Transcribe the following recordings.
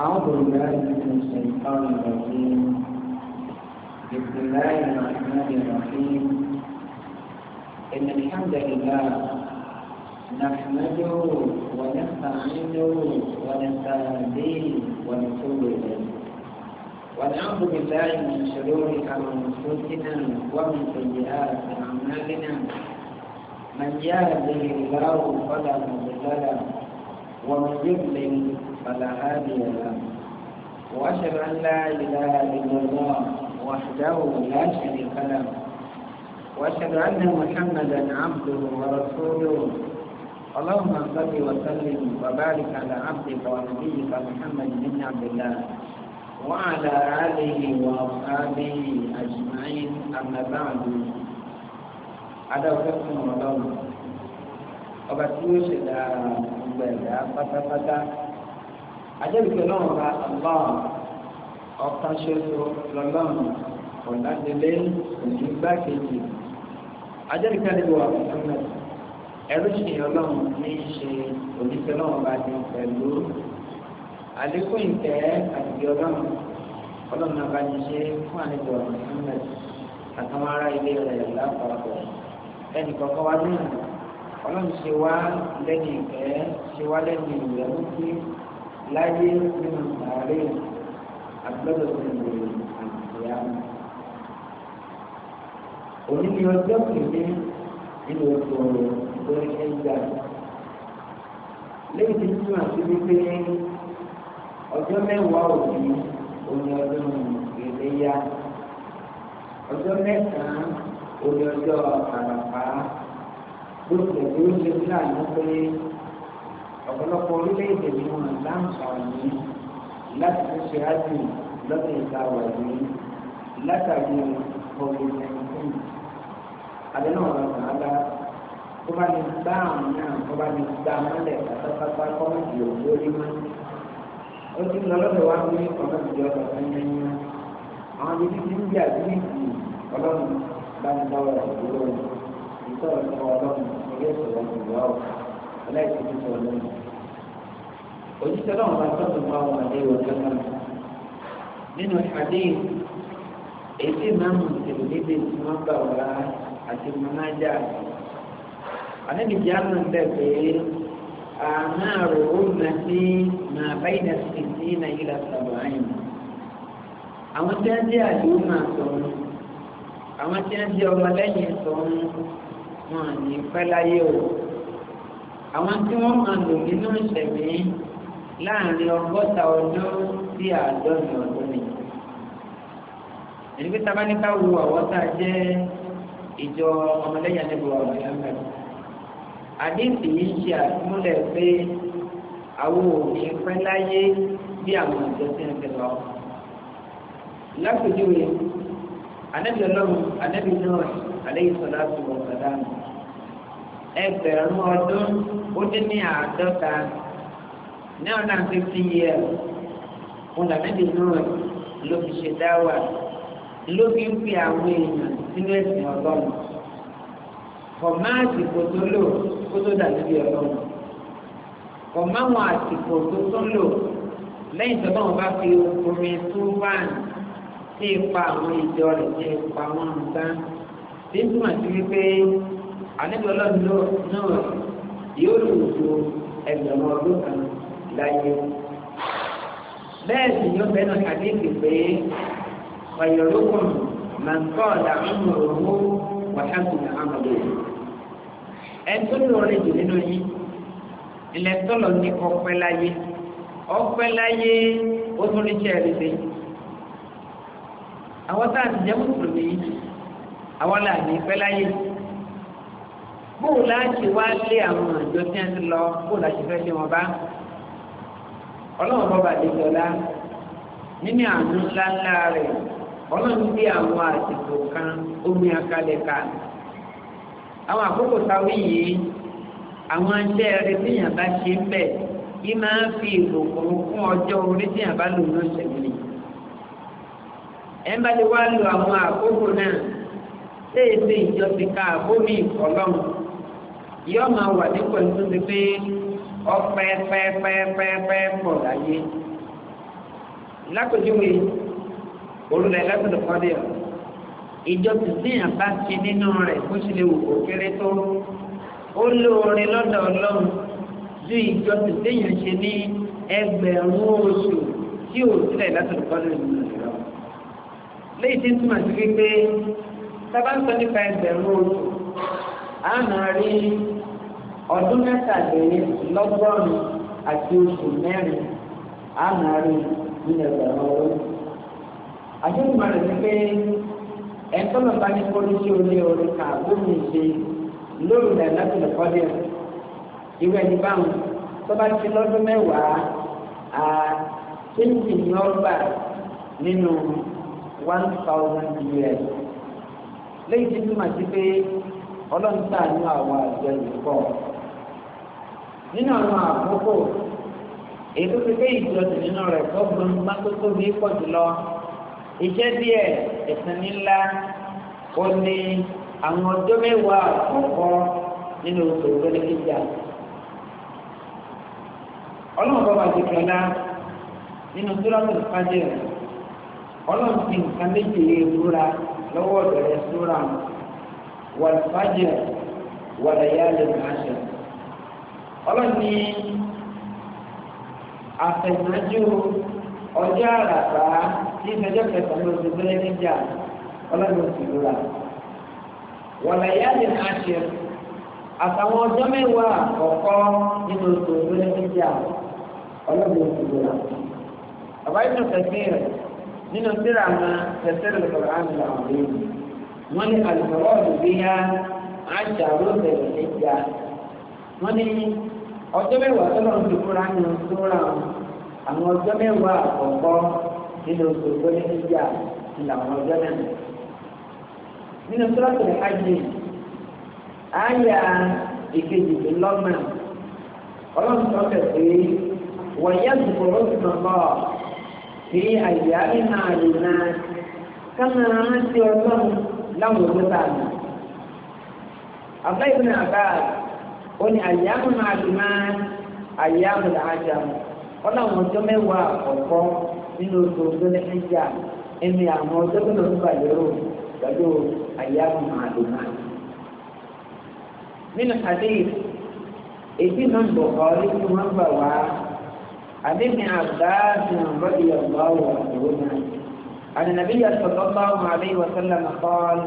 أعوذ بالله من الشيطان الرجيم بسم الله الرحمن الرحيم إن الحمد لله نحمده ونستعينه ونستهديه ونتوب إليه ونعوذ بالله من شرور أنفسنا ومن سيئات أعمالنا من يهده الله فلا مضل له ومن يضلل فلا هادي له وأشهد أن لا إله إلا الله وحده لا شريك له وأشهد أن محمدا عبده ورسوله اللهم صل وسلم وبارك على عبدك ونبيك محمد بن عبد الله وعلى آله وأصحابه أجمعين أما بعد هذا الله ọba tí ó ṣẹ̀dá gbogbo ẹ̀dá àjẹ́bìtẹ̀ náà ra àlọ́run ọ̀kan ṣoṣo lọ́lọ́run ọ̀làdélé òní gbákejì àjẹ́bìtẹ̀ níbo àfẹ́fẹ́ ẹ̀rú ṣì ọlọ́run ní í ṣe òníṣẹ́ náà bá ní pẹ̀lú àlékún ìtẹ́ àti ọlọ́run ọlọ́run náà bá ní ṣe fún àlejò àfẹ́fẹ́ àtàwọn ará ilé rẹ̀ lápapọ̀ ẹnì kọ̀ọ̀kan wá dúró ọlọ́run ṣe wá lẹ́nu ìfẹ́ ṣe wá lẹ́nu ìyẹ̀wò láyé nínú sàárẹ̀ àgbẹ̀dọ̀ nínú àgbẹ̀yà. òní ni ọjọ́ kìíní nínú oṣù ọ̀rọ̀ tó ń gbà. lẹ́yìn tí wọ́n àti wípé ọjọ́ mẹ́wàá òní òní ọdún ìléyà ọjọ́ mẹ́sàn-án òní ọjọ́ àràpá gbọ́dọ̀ tó ń ṣe fúlàní pé ọ̀pọ̀lọpọ̀ orílẹ̀-èdè ni wọ́n láǹfààní láti fi ṣe ájì lọ́sẹ̀ ìta wà ní látàrí covid-19. àdéhùn ọ̀rọ̀ sàádà tó bá ní gbá àwọn náà tó bá ní gbá mọ́lẹ̀ pátápátá kọ́mọ̀tì lórí mọ́. ó ti lọ lọ́dọ̀ wá ní kọ́mọ̀tì ọ̀dọ̀ fẹ́yẹ́yẹ́. àwọn ibi tí ń jà sí ìsìn ọlọ́run bá ń dáwọ́ ìdúró ìtọ́ ìtọ́ ọlọ́run ilé ìṣòro ìgbà ọ̀ aláìsí ìṣòro lónìí òjíṣẹ́ náà bá tọ́jú bá wọn lé ọjọ́ náà nínú ìpàdé èdè máa mú ìṣèlédè tí wọ́n gbà wá àti mọ́nájà àníbìjì àmọ́ ń bẹ̀ pé àmọ́ àròwó máa ní máa bá ìdá sí sí nàìjíríà sọ̀rọ̀ àyìn àwọn tí wọ́n jẹ́ àdúgbò máa sọ àwọn tí wọ́n jẹ́ ọmọlẹ́yìn sọ wọn ní pẹ́ láyé o àwọn tí wọ́n máa lò nínú ìṣẹ̀mí láàrin ọgọ́ta ọjọ́ sí àádọ́rin ọdún ni. ẹ̀rígbé sábà ní ká wo àwọ́tá jẹ́ ìjọ ọmọlẹ́yìn àdébùwà ọ̀dọ́yàmẹ́. àdéhùn yìí ṣe àtúmọ̀lẹ̀ pé àwọn òfin pẹ́ láyé bí àwọn ìjọ sí ń tẹ̀lé ọ. lápèjúwe anábì ọlọ́run anábì náà àléyìn sọ̀rọ̀ àti wọ̀sán dáná ẹgbẹ̀rún ọdún ó dín ní àádọ́ta nine hundred and fifty years wọn làmẹ́dì náà ló fi ṣe dáwà ló fi ń fi àwọn èèyàn sínú ẹ̀sìn ọlọ́run kọ̀má àsìkò tó lò kó tó dà níbi ọlọ́run kọ̀má àwọn àsìkò tó tó lò lẹ́yìn tó náà bá fi omi tó wà sí ipa àwọn ìjọ rẹ̀ sí ipa wọn nǹkan tí ń túmọ̀ sí wípé àníbi ọlọ́run náà yóò lò ju ẹgbẹ̀rún ọdún kan láyé bẹ́ẹ̀ sì yóò bẹ́nu àdéhùn pé ọ̀yọ̀lókùn máa ń kọ́ ọ̀dà ọmọ òwò wàhálà àmọ̀dé ẹni tó lóore jù nínú yìí ilẹ̀ tọ́lọ̀ ní ọpẹ́ láyé ọpẹ́ láyé ó tún ní sẹ́ẹ̀rì dé àwọn tá à ń jẹ́ mùsùlùmí àwọn là ní pẹ́ láyé bóòlù láti wá lé àwọn àjọ tí wọ́n ti lọ bóòlù àti fẹ́ lé wọn bá. ọlọ́run bọ́ba àdéjọlá nínú àánú ńláńlá rẹ̀ ọlọ́run bí àwọn àsìkò kan omi akalẹ̀ ká àwọn àkókò sáwé yìí àwọn ẹgbẹ́ rẹ̀ tíyàn bá ṣe ń bẹ̀ fi ìbùkún fún ọjọ́ orí tíyàn bá lò náà ṣẹlẹ̀ ẹ̀ ń bá lè wá lo àwọn àkókò náà léèdè ìjọ ti ká àbómi máa wà ọpẹ́pẹ́pẹ́pẹ́pọ̀ láyé lápèjúwe olùlẹ̀ lẹ́gbẹ̀dẹ̀ kọ́dé ọ̀ ìjọ tí síyàn bá ti nínú rẹ̀ bó ṣe lè wò ó kéré tó ó lóore lọ́dọ̀ ọlọ́run ju ìjọ tí síyàn ṣe ní ẹgbẹ̀rún oṣù tí ò sílẹ̀ lẹ́gbẹ̀dẹ̀ kọ́dé ọ̀ léyìí tí ń túmọ̀ sí wípé tábà ń sọ nípa ẹgbẹ̀rún oṣù àmọ́ rí ọdún mẹ́tàlélọ́gọ́rùn-ún àti oṣù mẹ́rin àmàrin nílẹ̀ ìgbàlọ́ ọ̀rọ̀. àdéhùn rẹ̀ ni pé ẹ̀ńtọ́lọ̀ bá ní kọ́lé sí orí orí ká gómìnà ṣe lórí ilẹ̀ lọ́sọ̀lẹ̀ kọ́lé rẹ̀. ìwé ẹni báwọn tó bá ti lọ́dún mẹ́wàá à twenty ní ọgbà nínú one thousand years. lẹ́yìn tí túmọ̀ sí pé ọlọ́run tàà ní àwọn àjọ ìkọ́ nínú àwọn àkókò èyí tó fi pé ìjọsìn nínú rẹ̀ gbọ́gbọ́n má tó tóbi pọ̀ jùlọ iṣẹ́ díẹ̀ ẹ̀sìn ńlá ó ní àwọn ọjọ́ mẹ́wàá àkọ́kọ́ nínú oṣù gbẹ́lẹ́gbẹ́jà ọlọ́run bá wà jùlọ lá nínú sóràtò fàjẹ́ ọlọ́run ti nǹkan méjì ewúra lọ́wọ́ ọ̀dọ̀ rẹ̀ sóra wàlúfàjẹ́ wàlẹ̀yà lè máa ṣẹ̀kọ́ ọlọ́ni àfẹ̀nájú ọjọ́ àràbá ní ìfẹ̀jọ́ kẹsàn-án oṣù bẹ́lẹ́ níjà ọlọ́ni oṣù lóra wọ̀lẹ̀yà lè má ṣe àtàwọn ọjọ́ mẹ́wàá àkọ́kọ́ nínú oṣù bẹ́lẹ́ níjà ọlọ́ni oṣù lóra bàbá ìtàn tẹ̀sí rẹ̀ nínú síra àwọn tẹ̀sí rẹ̀ lọ́wọ́ àmì làwọn ọ̀rẹ́ wọn ní àlùfọ̀rọ̀ ọ̀dùn bí yá àṣà ló bẹ̀rẹ̀ níjà wọn ní ọjọ́ mẹ́wàá tó lọ́n ti kúra ní kúra àwọn ọjọ́ mẹ́wàá àkọ́kọ́ nínú gbogbo ní ìjà ti làwọn ọjọ́ náà. nínú sọ́ọ̀tì ajé àyà ìkejìlélọ́gbọ̀n ọlọ́run sọ pé pé wọ́n yá ìgbòho ìgbàgbọ́ fi àyà nínú àyè náà kánà rántí ọlọ́run láwọn òkúta àná. àbáyé náà báyìí ó ní àyàmù àdùmá àyàmù làájà ó láwọn ọjọ́ mẹ́wàá àkọ́kọ́ nínú oṣù ọjọ́ lẹ́ẹ̀jà ẹni àwọn ọjọ́ tó lọ nípa lérò pẹ̀lú àyàmù àdùmá. nínú hadith èyí náà ń bọ̀ ọ́ nínú wọn gbà wá àdéhùn àbáàdùn àbọ̀dì ọ̀gbà wà lóhùn náà. عن النبي صلى الله عليه وسلم قال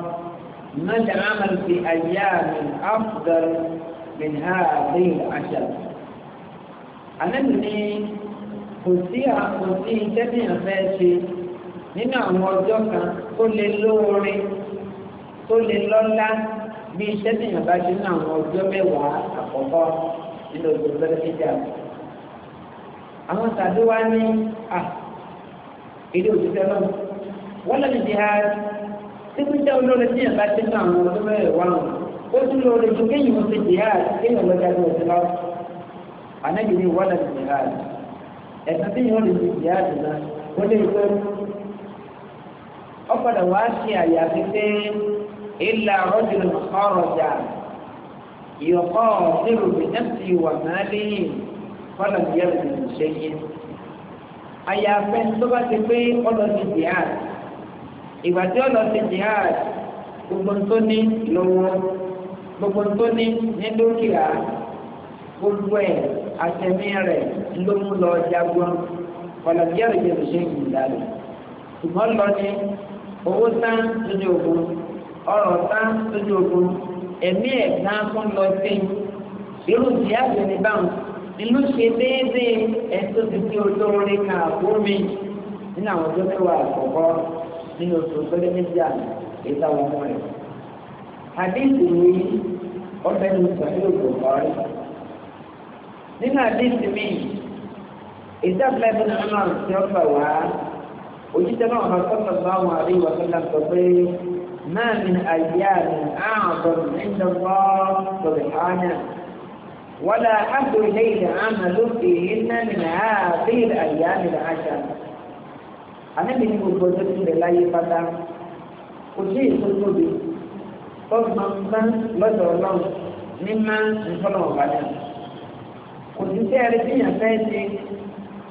من عمل في أيام أفضل min hadhihi al-ashar àlẹ́nu ni kò sí kò sí iṣẹ́ tí èèyàn fẹ́ ṣe nínú àwọn ọjọ́ kan tó lè lóore tó lè lọ́lá bí iṣẹ́ tí èèyàn bá ṣe nínú àwọn ọjọ́ mẹ́wàá àkọ́kọ́ nínú oṣù tẹ́lẹ̀kẹ́jà àwọn tàbí wá ní à ilé òṣìṣẹ́ náà wọ́n lọ́ọ́ ní jihad tí kúndé olóore tí èèyàn bá ṣe nínú àwọn ọjọ́ mẹ́wàá ó tún lọ rẹ̀ tún kéyìn wọn ṣe jihad kéyìn lọ jáde ọ̀sẹ̀ lọ ànábì ní wàlá ní jihad ẹ̀sán tí yóò lè ṣe jihad náà ó lè tó ọ padà wá sí àyà pípé ìlà rọ́jò ọ̀rọ̀jà ìyọ̀kọ́ nírò bìnẹ́sì wà náà léyìn fọlọ̀ ní yẹ́rù ní ìṣẹ́yẹ àyà pẹ́ tó bá ti pé ọlọ́ ti jihad ìgbà tí ọlọ́ ti jihad gbogbo tó ní lọ́wọ́ gbogbo tó ní ní dúkìá gbogbo ẹ̀ àtẹ̀mí rẹ̀ ló mú lọ jagun ọ̀làdíyàrá ìjẹ̀bù ṣe ń gbìyànjú rẹ̀ ṣùgbọ́n lọ ní owó tán lójú ogun ọrọ̀ tán lójú ogun ẹ̀mí ẹ̀ náà fún lọ sí irú ìyáàbò ní báwọn ìlú ṣe déédéé ẹ̀tọ́ ti fi olóore kan àbó mi nínú àwọn tó mẹ́wàá àkọ́kọ́ nínú oṣù tó lé méjì àná èyí táwọn ọmọ rẹ̀ àdéhùn ní ọbẹ̀ ní sọ̀rọ̀ ìgbòkọ́rí nínú àdéhùn mi ìdábìlẹ̀ bí wọn náà ti ọgbà wá òjíṣẹ́ náà wọn sọ̀rọ̀ bá wọn àrí wọn sọ̀rọ̀ sọ pé máa mi àyà mi àbọ̀ nígbàgbọ́ sọ̀rọ̀ hánà wọ́lá àbò ilé ìdè àmà lókè iná mi nà á mi nà á àmì mi ní gbogbo tó ti rẹ̀ láyé pátá kò sí èso tó máa ń bá lọ́dọ̀ ọlọ́run ní máa ń kò sí sí ẹni tí fẹ́ ṣe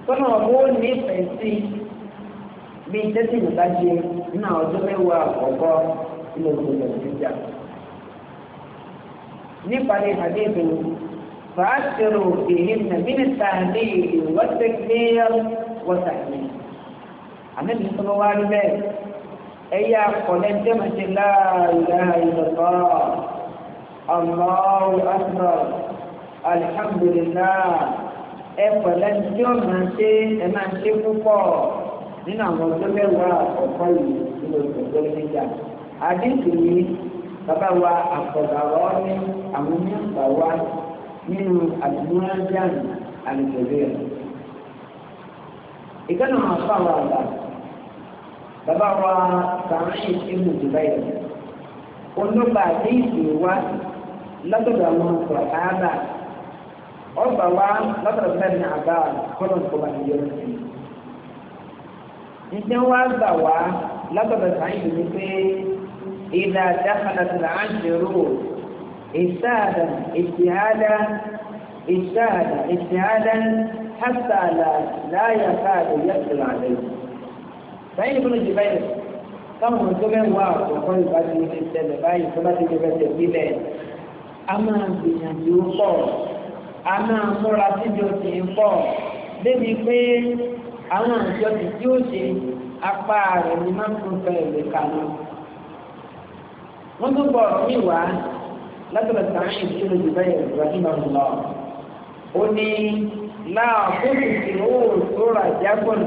fọ́nà ọ̀bọ̀ ní ìfẹ́ sí bí iṣẹ́ tí mo bá ṣe ní àwọn ọdún mẹ́wàá àkọ́kọ́ ilé ìgbòho ìjà nípa ní àdéhùn فأكثروا فيهن من التهديد والتكبير والتحميد. عمل صلى الله عليه وسلم ẹ̀yà kọ̀lẹ́jẹ́ mẹ́tẹ́ la ilaha illallah Allahu akbar alhamdulillah ẹ kọ̀lẹ́jẹ́ máa ṣe ẹ máa ṣe púpọ̀ nínú àwọn ọjọ́ mẹ́wàá ọ̀pọ̀ yìí nínú ìgbàgbọ́ níjà àdéhùn yìí bàbá wa àkọ̀dàrọ́ ní àwọn onígbà wa nínú àdúgbò àlùfẹ́lẹ́ ìkànnì àwọn afọ àwọn àgbà bàbá wa sàmìn ìlú dubai olóba àdéhìí wa lọ́dọ̀dọ̀ àwọn ọkọ̀ ààbà ọgbà wa lọ́dọ̀dọ̀ bẹ́ẹ̀ ní àbá kọ́nà ìkọba ìyọrọ sí i. ǹjẹ́ wá gbà wá lọ́dọ̀dọ̀ sàmìn ìlú pé ìlà dáhàlàtàlà á ń ṣerú ìsáàdà ìṣìhádà ìṣáàdà ìṣìhádà hàtàlà láyàkáàdà yẹtùlà àdéhùn báyìí fún ojú báyìí táwọn tó bẹ́ẹ̀ wá àkọ́kọ́ ìbá ti ní ìṣẹ̀lẹ̀ báyìí tó bá ti ní ìṣẹ̀lẹ̀ sílẹ̀ a máa gbìyànjú pọ̀ a máa múra síbi òsì ń pọ̀ débi pé àwọn àjọ tí tí ó ṣe apá rẹ̀ ni máa ń tún fẹ́ ìwé kanú. wọ́n tún bọ̀ ní ìwà látọ̀lọ̀ sàáyìn ìṣẹ́ lójú báyìí ìrọ̀lẹ́ lọ. ó ní láàbùkù tí ó rà jágbọ̀nù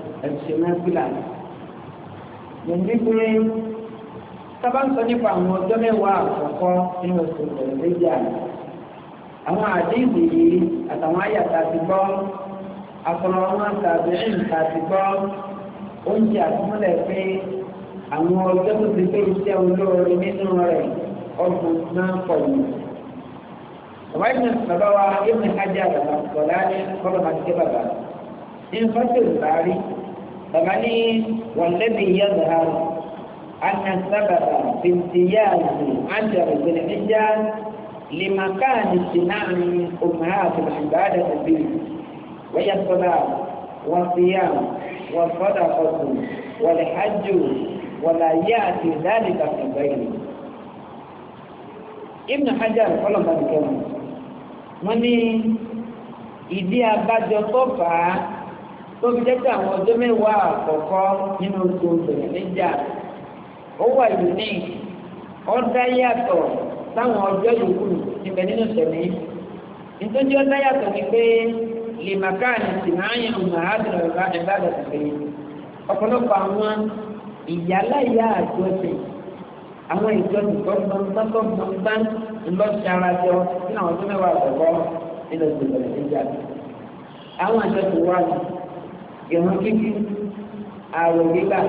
ẹ̀ṣẹ̀ mẹ́fìlà ní ní pé sábà ń sọ nípa àwọn ọjọ́ mẹ́wàá àkọ́kọ́ nínú oṣù tẹ̀lẹ́dẹ́gbẹ̀ àná àwọn àdéhùn yìí àtàwọn àyàtà ti gbọ́ àtọ̀rọ̀ wọn tàbí ẹ̀ǹtà ti gbọ́ oúnjẹ àtúmọ̀lẹ̀ pé àwọn ọjọ́ tó ti gbé iṣẹ́ olóore nínú rẹ̀ ọdún náà pọ̀ yìí. Bàbá ìgbà bàbá wa Ibn Hajar àgbàlá ní kọ́lọ̀ máa ti gé bàbá. Ní nǹkan tó rí bàbá ní wọ̀lẹ́bí yẹ́dà ana sábàbà bìntìyàzì ájàrò gbẹ̀lẹ́mẹ́já lèmàkáàni sinami òmùhàtò ìbáàdà tàbí wáyà sọ́dà wàsíyà wàsọ́dà ọ̀tún wàlẹ́hájú wàlàyé àti ìdálẹ́ta ìgbẹ́yìn. Ibn Hajar kọ́lọ̀mọ́dé kẹ́wọ̀n wọ́n ní ìdí abájọ tó fà á tó fi jẹ́ pé àwọn ọjọ́ mẹ́wàá àkọ́kọ́ nínú oṣù bẹ̀rẹ̀ níjà ó wà lóní ọ̀dá yàtọ̀ táwọn ọjọ́ yòókù níbẹ̀ nínú ìṣẹ̀lẹ̀ nítorí ọ̀dá yàtọ̀ ni pé lè màkà ní tìmáyà ọmọ àádùn ọ̀gá ẹ̀bá dàgbé ọ̀pọ̀lọpọ̀ àwọn ìyáláyà àjọṣe àwọn ìjọsìn tó gbọǹgbọǹ tó gbọǹgbọǹ ńlọ́sàrájọ nínú àwọn ọdún mẹ́wàá àkọ́kọ́ nínú ìṣẹ̀lẹ̀ níjà àwọn ìjọsìn wà ní ìrún kíkí ààrùn gbígbà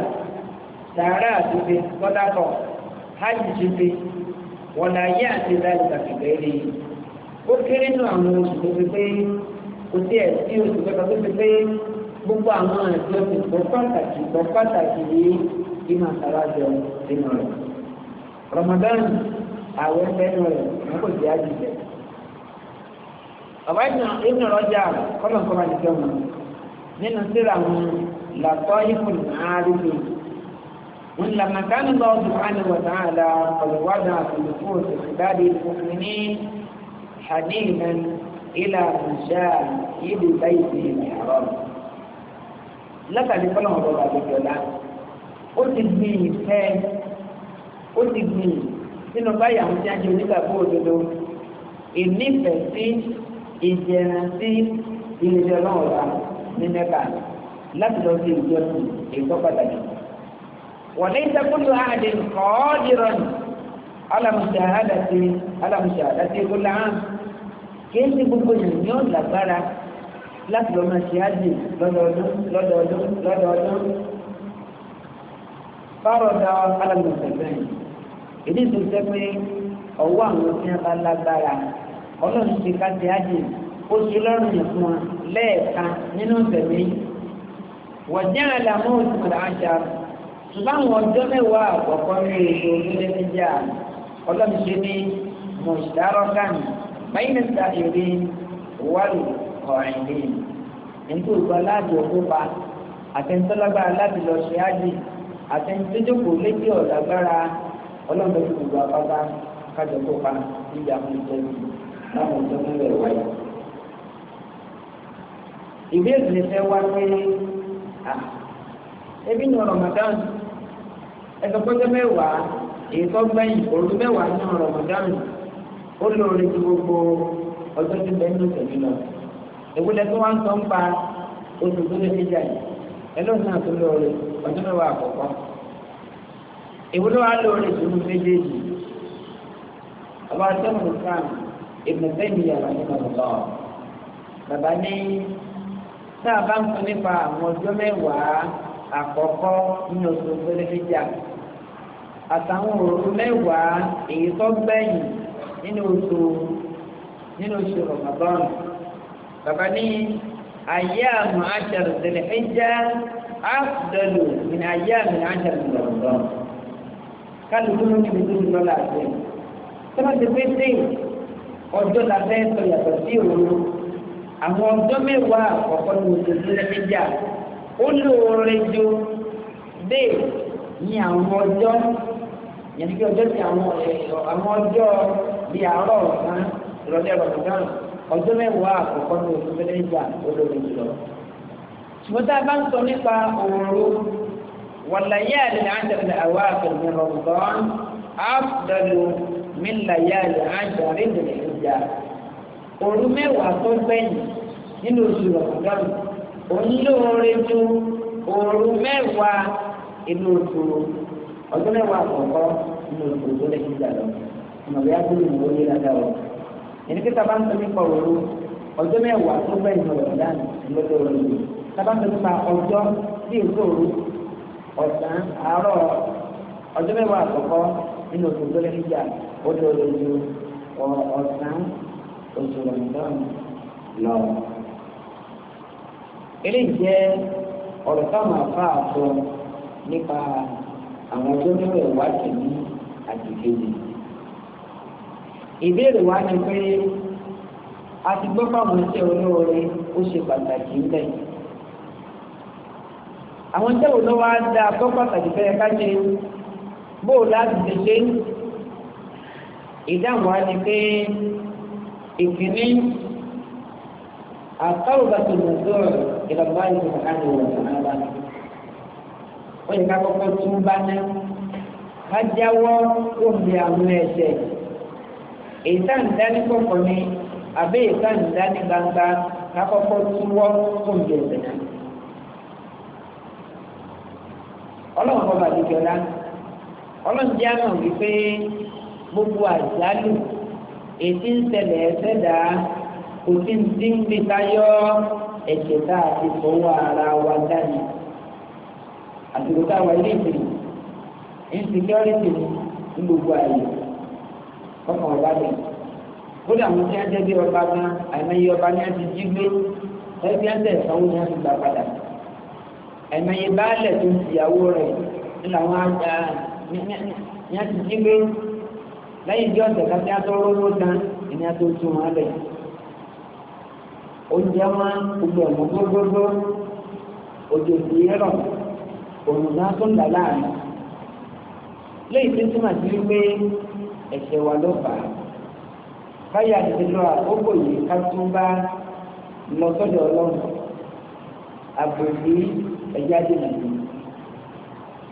sàárà àtúnṣe kọ́dákọ̀ hajj ṣíṣe wọn là yé àti láti kàkìgbẹ́ rí i ó kéré nù àwọn oṣù tó fi pé kò sí ẹ̀ sí oṣù kẹta tó fi pé gbogbo àwọn ẹ̀jọ́ ti gbọ́ pàtàkì gbọ́ pàtàkì yìí kí máa sàrájọ nínú rẹ̀ Ramadan àwọn ẹgbẹ́nu rẹ̀ wọn kò sí àjùjẹ. bàbá ìgbìmọ̀ ìgbìmọ̀ ọjà kọ́lọ̀ nǹkan máa nínú síra wọn làtọ́ ìfún àárúgbò wọn làmà kánú lọ́wọ́ subhanahu wa ta'ala ọ̀lùwádà àtùlùkù òṣèlú المؤمنين حنينا إلى مشاء إلى بيته الحرام látàrí fọlọ́n ọ̀rọ̀ àgbègbè ọ̀la ó ti gbìn ìfẹ́ ó ti gbìn sínú báyà ń jáde onígbàgbọ́ òdodo ìnífẹ̀ẹ́ sí ìjẹ̀ràn sí ìlẹ̀jọ̀ náà ọ̀la. ní mẹ́ta láti lọ sí ìjọ ètò pàtàkì. wọ́n lẹ́yìn sẹ́kúlù àdé kọ́ọ́dìrọ̀ ni alámùsàádà ti alámùsàádà ti kó láàmù kìí sí gbogbo èèyàn yóò lágbára láti lọ́mọ sí ájì lọ́dọọdún lọ́dọọdún lọ́dọọdún fárọ̀dà alámùsàádà ìdí tó pé ọwọ́ àwọn tí wọ́n ọlọ́run ti ká sí ájì ó ṣe lọ́rùn fún wọn lẹ́ẹ̀kan nínú tẹ̀mí wọ̀jẹ́ àlàmú òṣùwọ̀n àṣà ṣùgbọ́n àwọn ọjọ́ mẹ́wàá àkọ́kọ́ ní èso olóde níjà ọlọ́mìṣẹ́ ní mọ̀ṣárọ́kàn mínísítà èrè wàlù ọ̀rìnlẹ̀ nítorí ìgbà láti òkúpa àtẹnudọ́lágbára láti lọ ṣe ájì àtẹnudọ́jọ́kọ̀ léjì ọ̀dàgbára ọlọ́mọdé gbogbo àpáta kájọ kópa níbi àwọn ìjọba láwọn ìjọba mẹ́wàá ìbéèrè ní fẹ́ wá pé ah, ebi ní Ramadan ẹgbẹ́pọ́jọ́ mẹ́wàá èyí tó gbẹ̀yìn òru mẹ́wàá ní Ramadan ó lóore ju gbogbo ọjọ́ tí bẹ́ẹ̀ ní òṣèlú lọ ìwúlẹ̀ tó wá ń sọ ń pa oṣù tó lè fi jà yìí ẹlọ́sìn náà tó lóore ọjọ́ mẹ́wàá àkọ́kọ́ ìwúlẹ̀ wá lóore ìṣòro méjèèjì ọba àti ọmọ nìkan ìbùnú bẹ́ẹ̀ ni yàrá ní Ramadan bàbá ní tá a bá ń sọ nípa àwọn ọjọ́ mẹ́wàá àkọ́kọ́ ní oṣù gbẹdẹgbẹjà àtàwọn òru mẹ́wàá èyí tó gbẹ̀yìn nínú oṣù nínú oṣù Ramadan bàbá ní ayé àmọ́ àṣàrò tẹ̀lé ẹja áfùdọ́lù ní ayé àmì àṣàrò tẹ̀lé Ramadan kálukú ló ní ìlú lọ́la àti ẹ̀ tọ́lá ti pé sí ọjọ́ la fẹ́ sọ yàtọ̀ sí òru àwọn ọjọ́ mẹ́wàá àkọ́kọ́ ní oṣù sílẹ̀mẹ́jà ó lóore ju bẹ́ẹ̀ ní àwọn ọjọ́ yẹnni kí ọjọ́ ti àwọn àwọn ọjọ́ bí àárọ̀ ọ̀sán ìrọ̀lẹ́ rọ̀mọ̀dán ọjọ́ mẹ́wàá àkọ́kọ́ ní oṣù sílẹ̀mẹ́jà ó lóore jùlọ. ṣùgbọ́n tá a bá ń sọ nípa òru wàlàyé àlẹ́ àjẹ̀lẹ̀ àwọn àfẹ̀mí rọ̀mọ̀dán áfùdàlù mílàyé òru mẹ́wàá tó gbẹ̀yìn nínú oṣù rọ̀mọ̀dọ́n onílóore ju òru mẹ́wàá inú oṣù ọdún mẹ́wàá àkọ́kọ́ nínú oṣù tó lè fi dàlọ́ ìmọ̀lẹ́ agbóhùn ìwé ní dada o ẹni pé sábà ń sọ nípa òru ọjọ́ mẹ́wàá tó gbẹ́ ìmọ̀ rọ̀mọ̀dọ́n lọ́dọ̀ òru sábà ń sọ nípa ọjọ́ bí èso ọ̀sán àárọ̀ ọjọ́ mẹ́wàá àkọ́kọ́ nínú oṣù tó lè fi dà ó lọ́ọ́ lọ́ọ́ ọ̀sán oṣù rọ̀mọ̀dọ́n lọ́wọ́ eléyìí jẹ́ ọ̀rọ̀ táwọn afá àtọ nípa àwọn tó nílò ìwádìí ní àgbègbè mi. ìbéèrè wa ni pé a ti gbọ́ fáwọn iṣẹ́ olóore ó ṣe pàtàkì ń bẹ̀. àwọn iṣẹ́ olówó á dáa tó pàtàkì fẹ́ẹ́ ká ṣe bóò láti ṣe ṣe ìdáhùn wa ni pé ìkíní àtàwọn bàtò nàìjíríà إلى الله سبحانه وتعالى وإن كان قد توبانا kájáwọ́ òbí àwọn ẹ̀ṣẹ̀ ìtàǹdánikọ̀kọ̀ ni àbí ìtàǹdánigbangba kákọ́kọ́ túwọ́ òbí ẹ̀ṣẹ̀ náà. ọlọ́run kọ́ bàdìjọ́lá ọlọ́run jẹ́ àmọ̀ wípé gbogbo àjálù ètí ń ṣẹlẹ̀ ẹ̀ṣẹ̀dá kò sí ń dín bí tayọ́ ẹ̀jẹ̀ tá a ti fọwọ́ ara wa dání àtìkò táwa ilé ìsìn insecurity ní gbogbo ààyè ọkàn ọba dẹ̀ kódà mo ti ẹjẹ́ bí ọba gan àìmọye ọba ní àti jí gbé ẹbí ẹ̀ńtẹ̀ ìsanwó ní àti gbà padà àìmọye baálẹ̀ tó ń tìyàwó rẹ̀ nínú àwọn àgbà ní àti jí gbé lẹ́yìn tí ọ̀sẹ̀ kan tí a tọ́ rówó tán ìní àti oṣù wọn lẹ́yìn oúnjẹ máa ń gbogbo ẹ̀mọ́ gbogbogbò òjò sí rọ̀ òrùnà tó ń dà láàrin lẹ́yìn tó túmọ̀ sí wípé ẹ̀ṣẹ̀ wa ló fà á báyà ti lọ àkókò yìí ká tún bá lọ sọ́dọ̀ ọlọ́run àbòsí ẹ̀já dènà yìí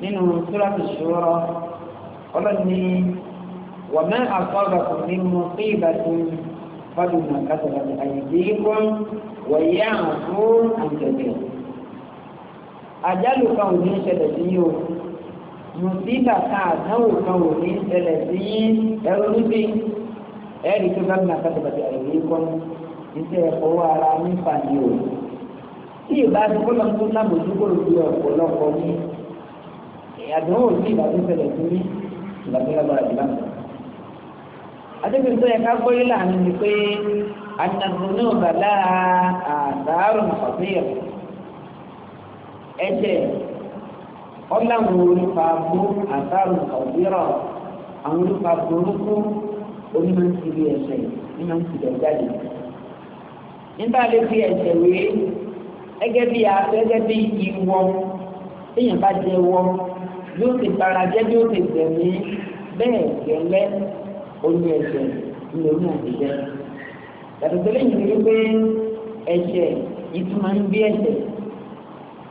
nínú sùràtù Ṣúrà ọlọ́ni wàmẹ́ àkọ́gbàkùn ní mo kí ìbàdàn قالوا ما كسبت أيديكم ويعفو عن كثير àjálù kan ò ní ṣẹlẹ̀ sí yóò mùsíbà kan àdánwò kan ò ní ṣẹlẹ̀ sí ẹrú níbi ẹ̀rí tó bá gbà kátàkátà ẹ̀rí kan iṣẹ́ ọwọ́ ara nípa ni o tí ìbá ti kọ́ lọ́n tó lábòjúkò sí ọ̀pọ̀lọpọ̀ ní àdánwò tí ìbá tó ṣẹlẹ̀ sí ní ìbá tó lágbára jù lánàá adébí tó yẹ ká gbọ́ yìí lànà ni pé anàdúnú bàlá àbárò nàfàbíyà ẹ̀jẹ̀ ọ̀làwọ̀ olùfà bú àbárò nàfàbíyà àwọn olùfà burúkú onímọ̀ ń tìbí ẹ̀ṣẹ̀ onímọ̀ ń tìbí ẹ̀jáde. nígbà lè fi ẹ̀ṣẹ̀ wé gẹ́gẹ́ bí gẹ́gẹ́ bí ìwọ téèyàn bá jẹ wọ bí ó ti bara jẹ́ bí ó ti gbẹ̀mí bẹ́ẹ̀ gẹ́lẹ́ oní ẹ̀ṣẹ̀ ní oní àdìjẹ́ yàtọ̀ tẹ́lẹ̀ yìí ni pé ẹ̀ṣẹ̀ yìí tún máa ń bí ẹ̀ṣẹ̀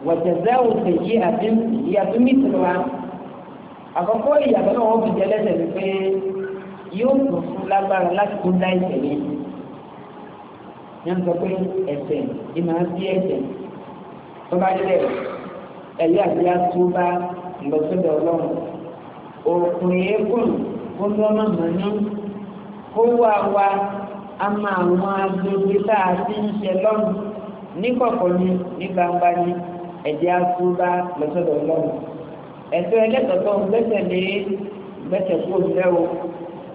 wọ̀tẹ̀zẹ́ òsè yìí àti ìyàtọ̀ mìtìrì wa àkọ́kọ́ ìyàtọ̀ náà wọ́n fi jẹ́ lẹ́sẹ̀ ni pé yóò tún fún lágbára láti tún dá ẹ̀ṣẹ̀ yẹn ní wọ́n sọ pé ẹ̀ṣẹ̀ yìí máa ń bí ẹ̀ṣẹ̀ tó bá dé ẹ̀yà àti àtúbà lọ sódò ọlọ́run òkùnrin eégún kó lọ́mọ mọ́nú kó wá wa a máa wọn agbègbè tá a ti ń ṣe lọ́rùn níkọ̀kọ̀ ni ní gbangba ni ẹ̀jẹ̀ afúnbá lọ́sọ̀dọ̀ lọ́rùn ẹ̀tọ́ ẹlẹ́tọ̀tọ̀ gbẹ́sẹ̀ lé gbẹ́sẹ̀ kó lẹ́wọ̀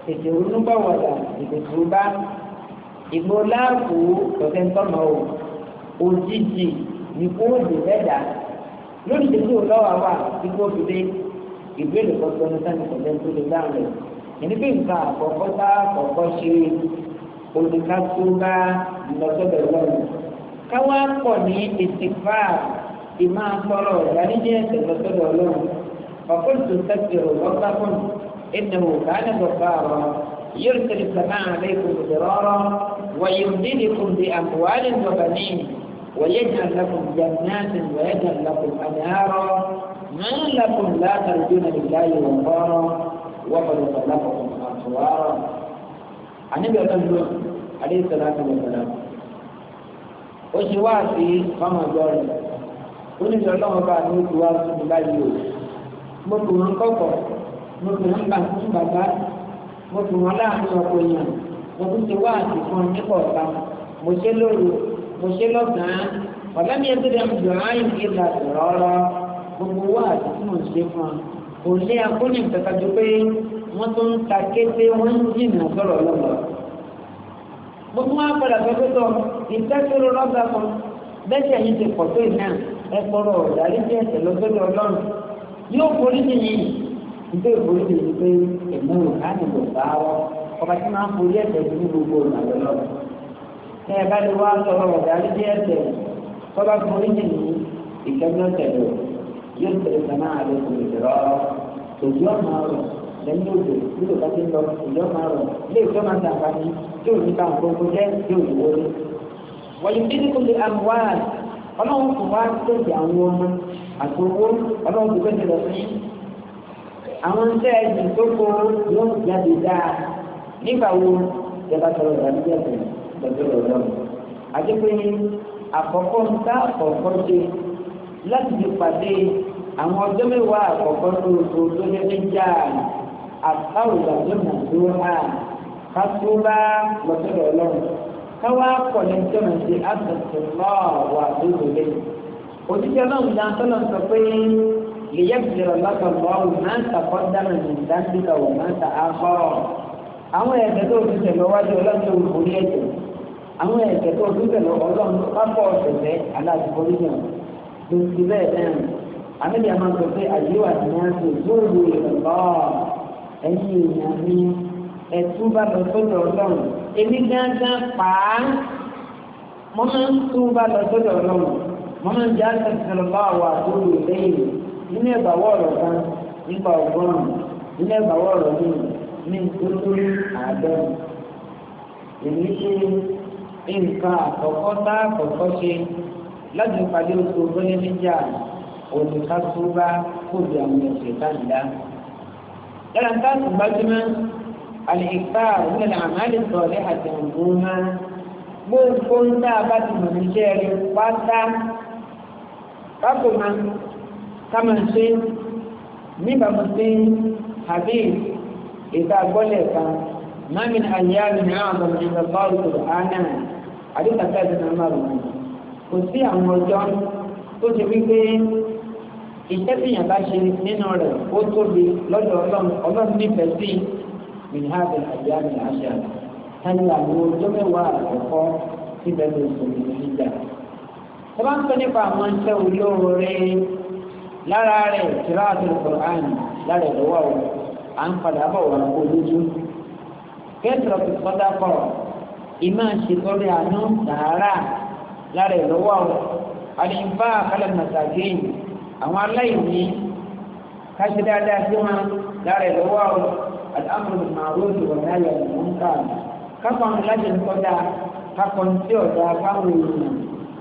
tètè onúbọ̀wọ̀dà ìdòtò bá ìgbó láàbù tọ̀tẹ̀ntọ́mọ̀ o òjijì ní kó lè bẹ́ẹ̀dá lórí tètè òlọ́wà wà ìgbó fìdé ìgbélé kọ́tọ́ ní sáni kọ̀tẹ́ntó lè dáhùn rẹ̀ ẹni bí nǹkan àkọ́kọ́ tá àkọ́kọ́ ṣe olùkásúbá ìlọsọ̀dọ̀ lọ́rùn káwá pọ̀ ní ìsìnfà ìmá sọ̀rọ̀ ìdáníjẹ́ ìlọsọ̀dọ̀ lọ́rùn ọ̀pọ̀lọpọ̀ tẹ̀síọ̀ lọ́sàkùn إنه كان غفارا يرسل السماء عليكم مدرارا ويمددكم بأموال وبنين ويجعل لكم جنات ويجعل لكم أنهارا ما لكم لا ترجون لله وقد خلقكم أطوارا النبي صلى الله عليه الصلاة والسلام ó ṣe wá sí fáwọn ọjọ́ rẹ̀ ó ní ìṣọ̀lọ́ ọba ní oṣù wa tó ti báyìí o mo tù wọn kọ̀kọ̀ mo tù wọn gbà fún bàbá mo tù wọn láàrin ọkọ èèyàn mo tún ti wá sí fún ọ nípa ọ̀tá mo ṣe lóru mo ṣe lọ́sàn-án ọ̀lẹ́mi ẹgbẹ́ rẹ̀ ń dùn áyìn kí n là sí rọ́rọ́ gbogbo wá sí fún òṣèlú fún ọ kò lé akóni ìtẹ̀kájú pé wọ́n tó ń ta kété wọ́n ń jìnnà sọ̀rọ̀ lọ́wọ́ gbogbo wọn padà sọ pé sọ ìtẹ́sọ̀rọ̀ lọ́gbà kan bẹ́ẹ̀ sẹ́yìn ti pọ̀ tó ìná ẹ kọ́rọ̀ ọ̀dàrí jẹ́ ẹ̀sẹ̀ lọ́sọ̀rọ̀ ọlọ́run yóò forí nìyí nígbà ìforí nìyí pé èmi ò ká nìbò bá wọ ọba tí máa ń forí ẹ̀sẹ̀ sí gbogbo ìrìnàjò lọ. ẹ bá lè wá sọ̀rọ̀ ọ̀dàrí jẹ́ ẹ̀sẹ̀ tọ́ba forí nìyí ìtẹ́gbọ́n tẹ̀lé o. يرسل السماء عليكم مدرارا òjò máa rọ̀ lẹ́yìn òjò nígbà tó ti ń lọ òjò máa rọ̀ ilé ìjọ máa ta àǹfààní tí ò ní ká nǹkan ogun jẹ́ tí ò ní wọlé. wọ̀nyí dídínkù lè àmúwá ọlọ́run kò wá tóbi àwọn ọmọ àti owó ọlọ́run kò gbẹ́sẹ̀ lọ sí. àwọn iṣẹ́ ẹ̀jìn tó kó yóò jáde dáa nígbà wo ìjọba sọ̀rọ̀ ìdàgbé ẹ̀sìn lọ́jọ́ lọ́jọ́ àwọn ọjọ́ mẹ́wàá àkọ́kọ́ tó oṣù tó lé ní jáàmù àtàwọn ìgbàlódé mọ̀ tó hàn ká tó bá lọ́sọ̀rọ̀ ọlọ́run káwá pọ̀ ní tọ́nà sí àtàtà náà wà lóde lé òṣìṣẹ́ ọlọ́run dá tọ́lọ̀ sọ pé lèyẹ́ bìrọ̀ lọ́sọ̀ lọ́run máa ń tàkọ́ dáná ní dáńdíkà wọ̀ máa ń tà á kọ́ àwọn ẹ̀ṣẹ̀ tó ti tẹ̀lé wájú ọlọ́run tó orí ẹ̀jẹ̀ àwọn ẹ̀ṣẹ̀ tó ti tẹ̀lé ọlọ́run àmìlẹ̀ máa sọ pé àyíwá ti máa ń sọ gbòòrò ìrọ̀lọ́ ẹ̀yìn èèyàn mi ẹ̀tún bá lọ sọ́dọ̀ ọlọ́run èmi gángan pa á mo máa ń tún bá lọ sọ́dọ̀ ọlọ́run mo máa ń jẹ́ àtẹ̀sọ̀lọ́bà wà lórí ìlẹ́yìn nínú ẹ̀bàwọ̀ ọ̀rọ̀ kan nípa ọgọ́rùn-ún nínú ẹ̀bàwọ̀ ọ̀rọ̀ mi ní nítorí àádọ́rùn. èmi ṣe nǹkan àkọ́kọ́ tá àkọ́kọ́ ṣe láti pàdé oṣù ọgbọ́n ní òní ká tó bá kóbi àwọn ẹ̀sẹ̀ káàdá. Yàrá ń táàtù gbajúmọ́ àlèkà òmìnira àmàlè sọ̀rọ̀ àti ọ̀gbọ́nmá gbogbo ń tá a bá ti mọ̀ níṣẹ́ rẹ̀ pátá pápò máa ká máa ṣe níbàmú sí habib ìta gbọ́lẹ̀ kan máa mi àyà mi ní àwọn ọmọ ìjọba báwo tó hánà àdìsàkẹ́ ìdènà márùn-ún kò sí àwọn ọjọ́ tó ṣe wípé ìtẹ́síyàn bá ṣe nínú rẹ̀ ó tóbi lọ́dọ̀ ọlọ́run ọlọ́run nífẹ̀ẹ́ sí minhaja àbíyámi àṣà tani àwọn ọjọ́ mẹ́wàá àkọ́kọ́ síbẹ̀ ló sọ ní ìjà. ẹ bá ń sọ nípa àwọn iṣẹ́ olóore lára rẹ̀ tìráàtì Qur'an lára ìlọ́wọ́ o à ń padà bọ̀ wọ́n kó lójú. kẹ́tìrọ̀ ti sọ́dá pọ̀ ìmọ̀ ṣètọ́rẹ́ àánú sàárà lára ìlọ́wọ́ o àdìyàn bá àkàlẹ̀ àwọn aláìní káṣí dáadáa sí wọn lára ìlọ́wọ́ àwọn aláàmúlò màrúùsù ọ̀nà ayọ̀ ìwọ̀n káàmù kápọ̀ ní láti ń kọ́dá kápọ̀ ní tí ọ̀dà káwọn èèyàn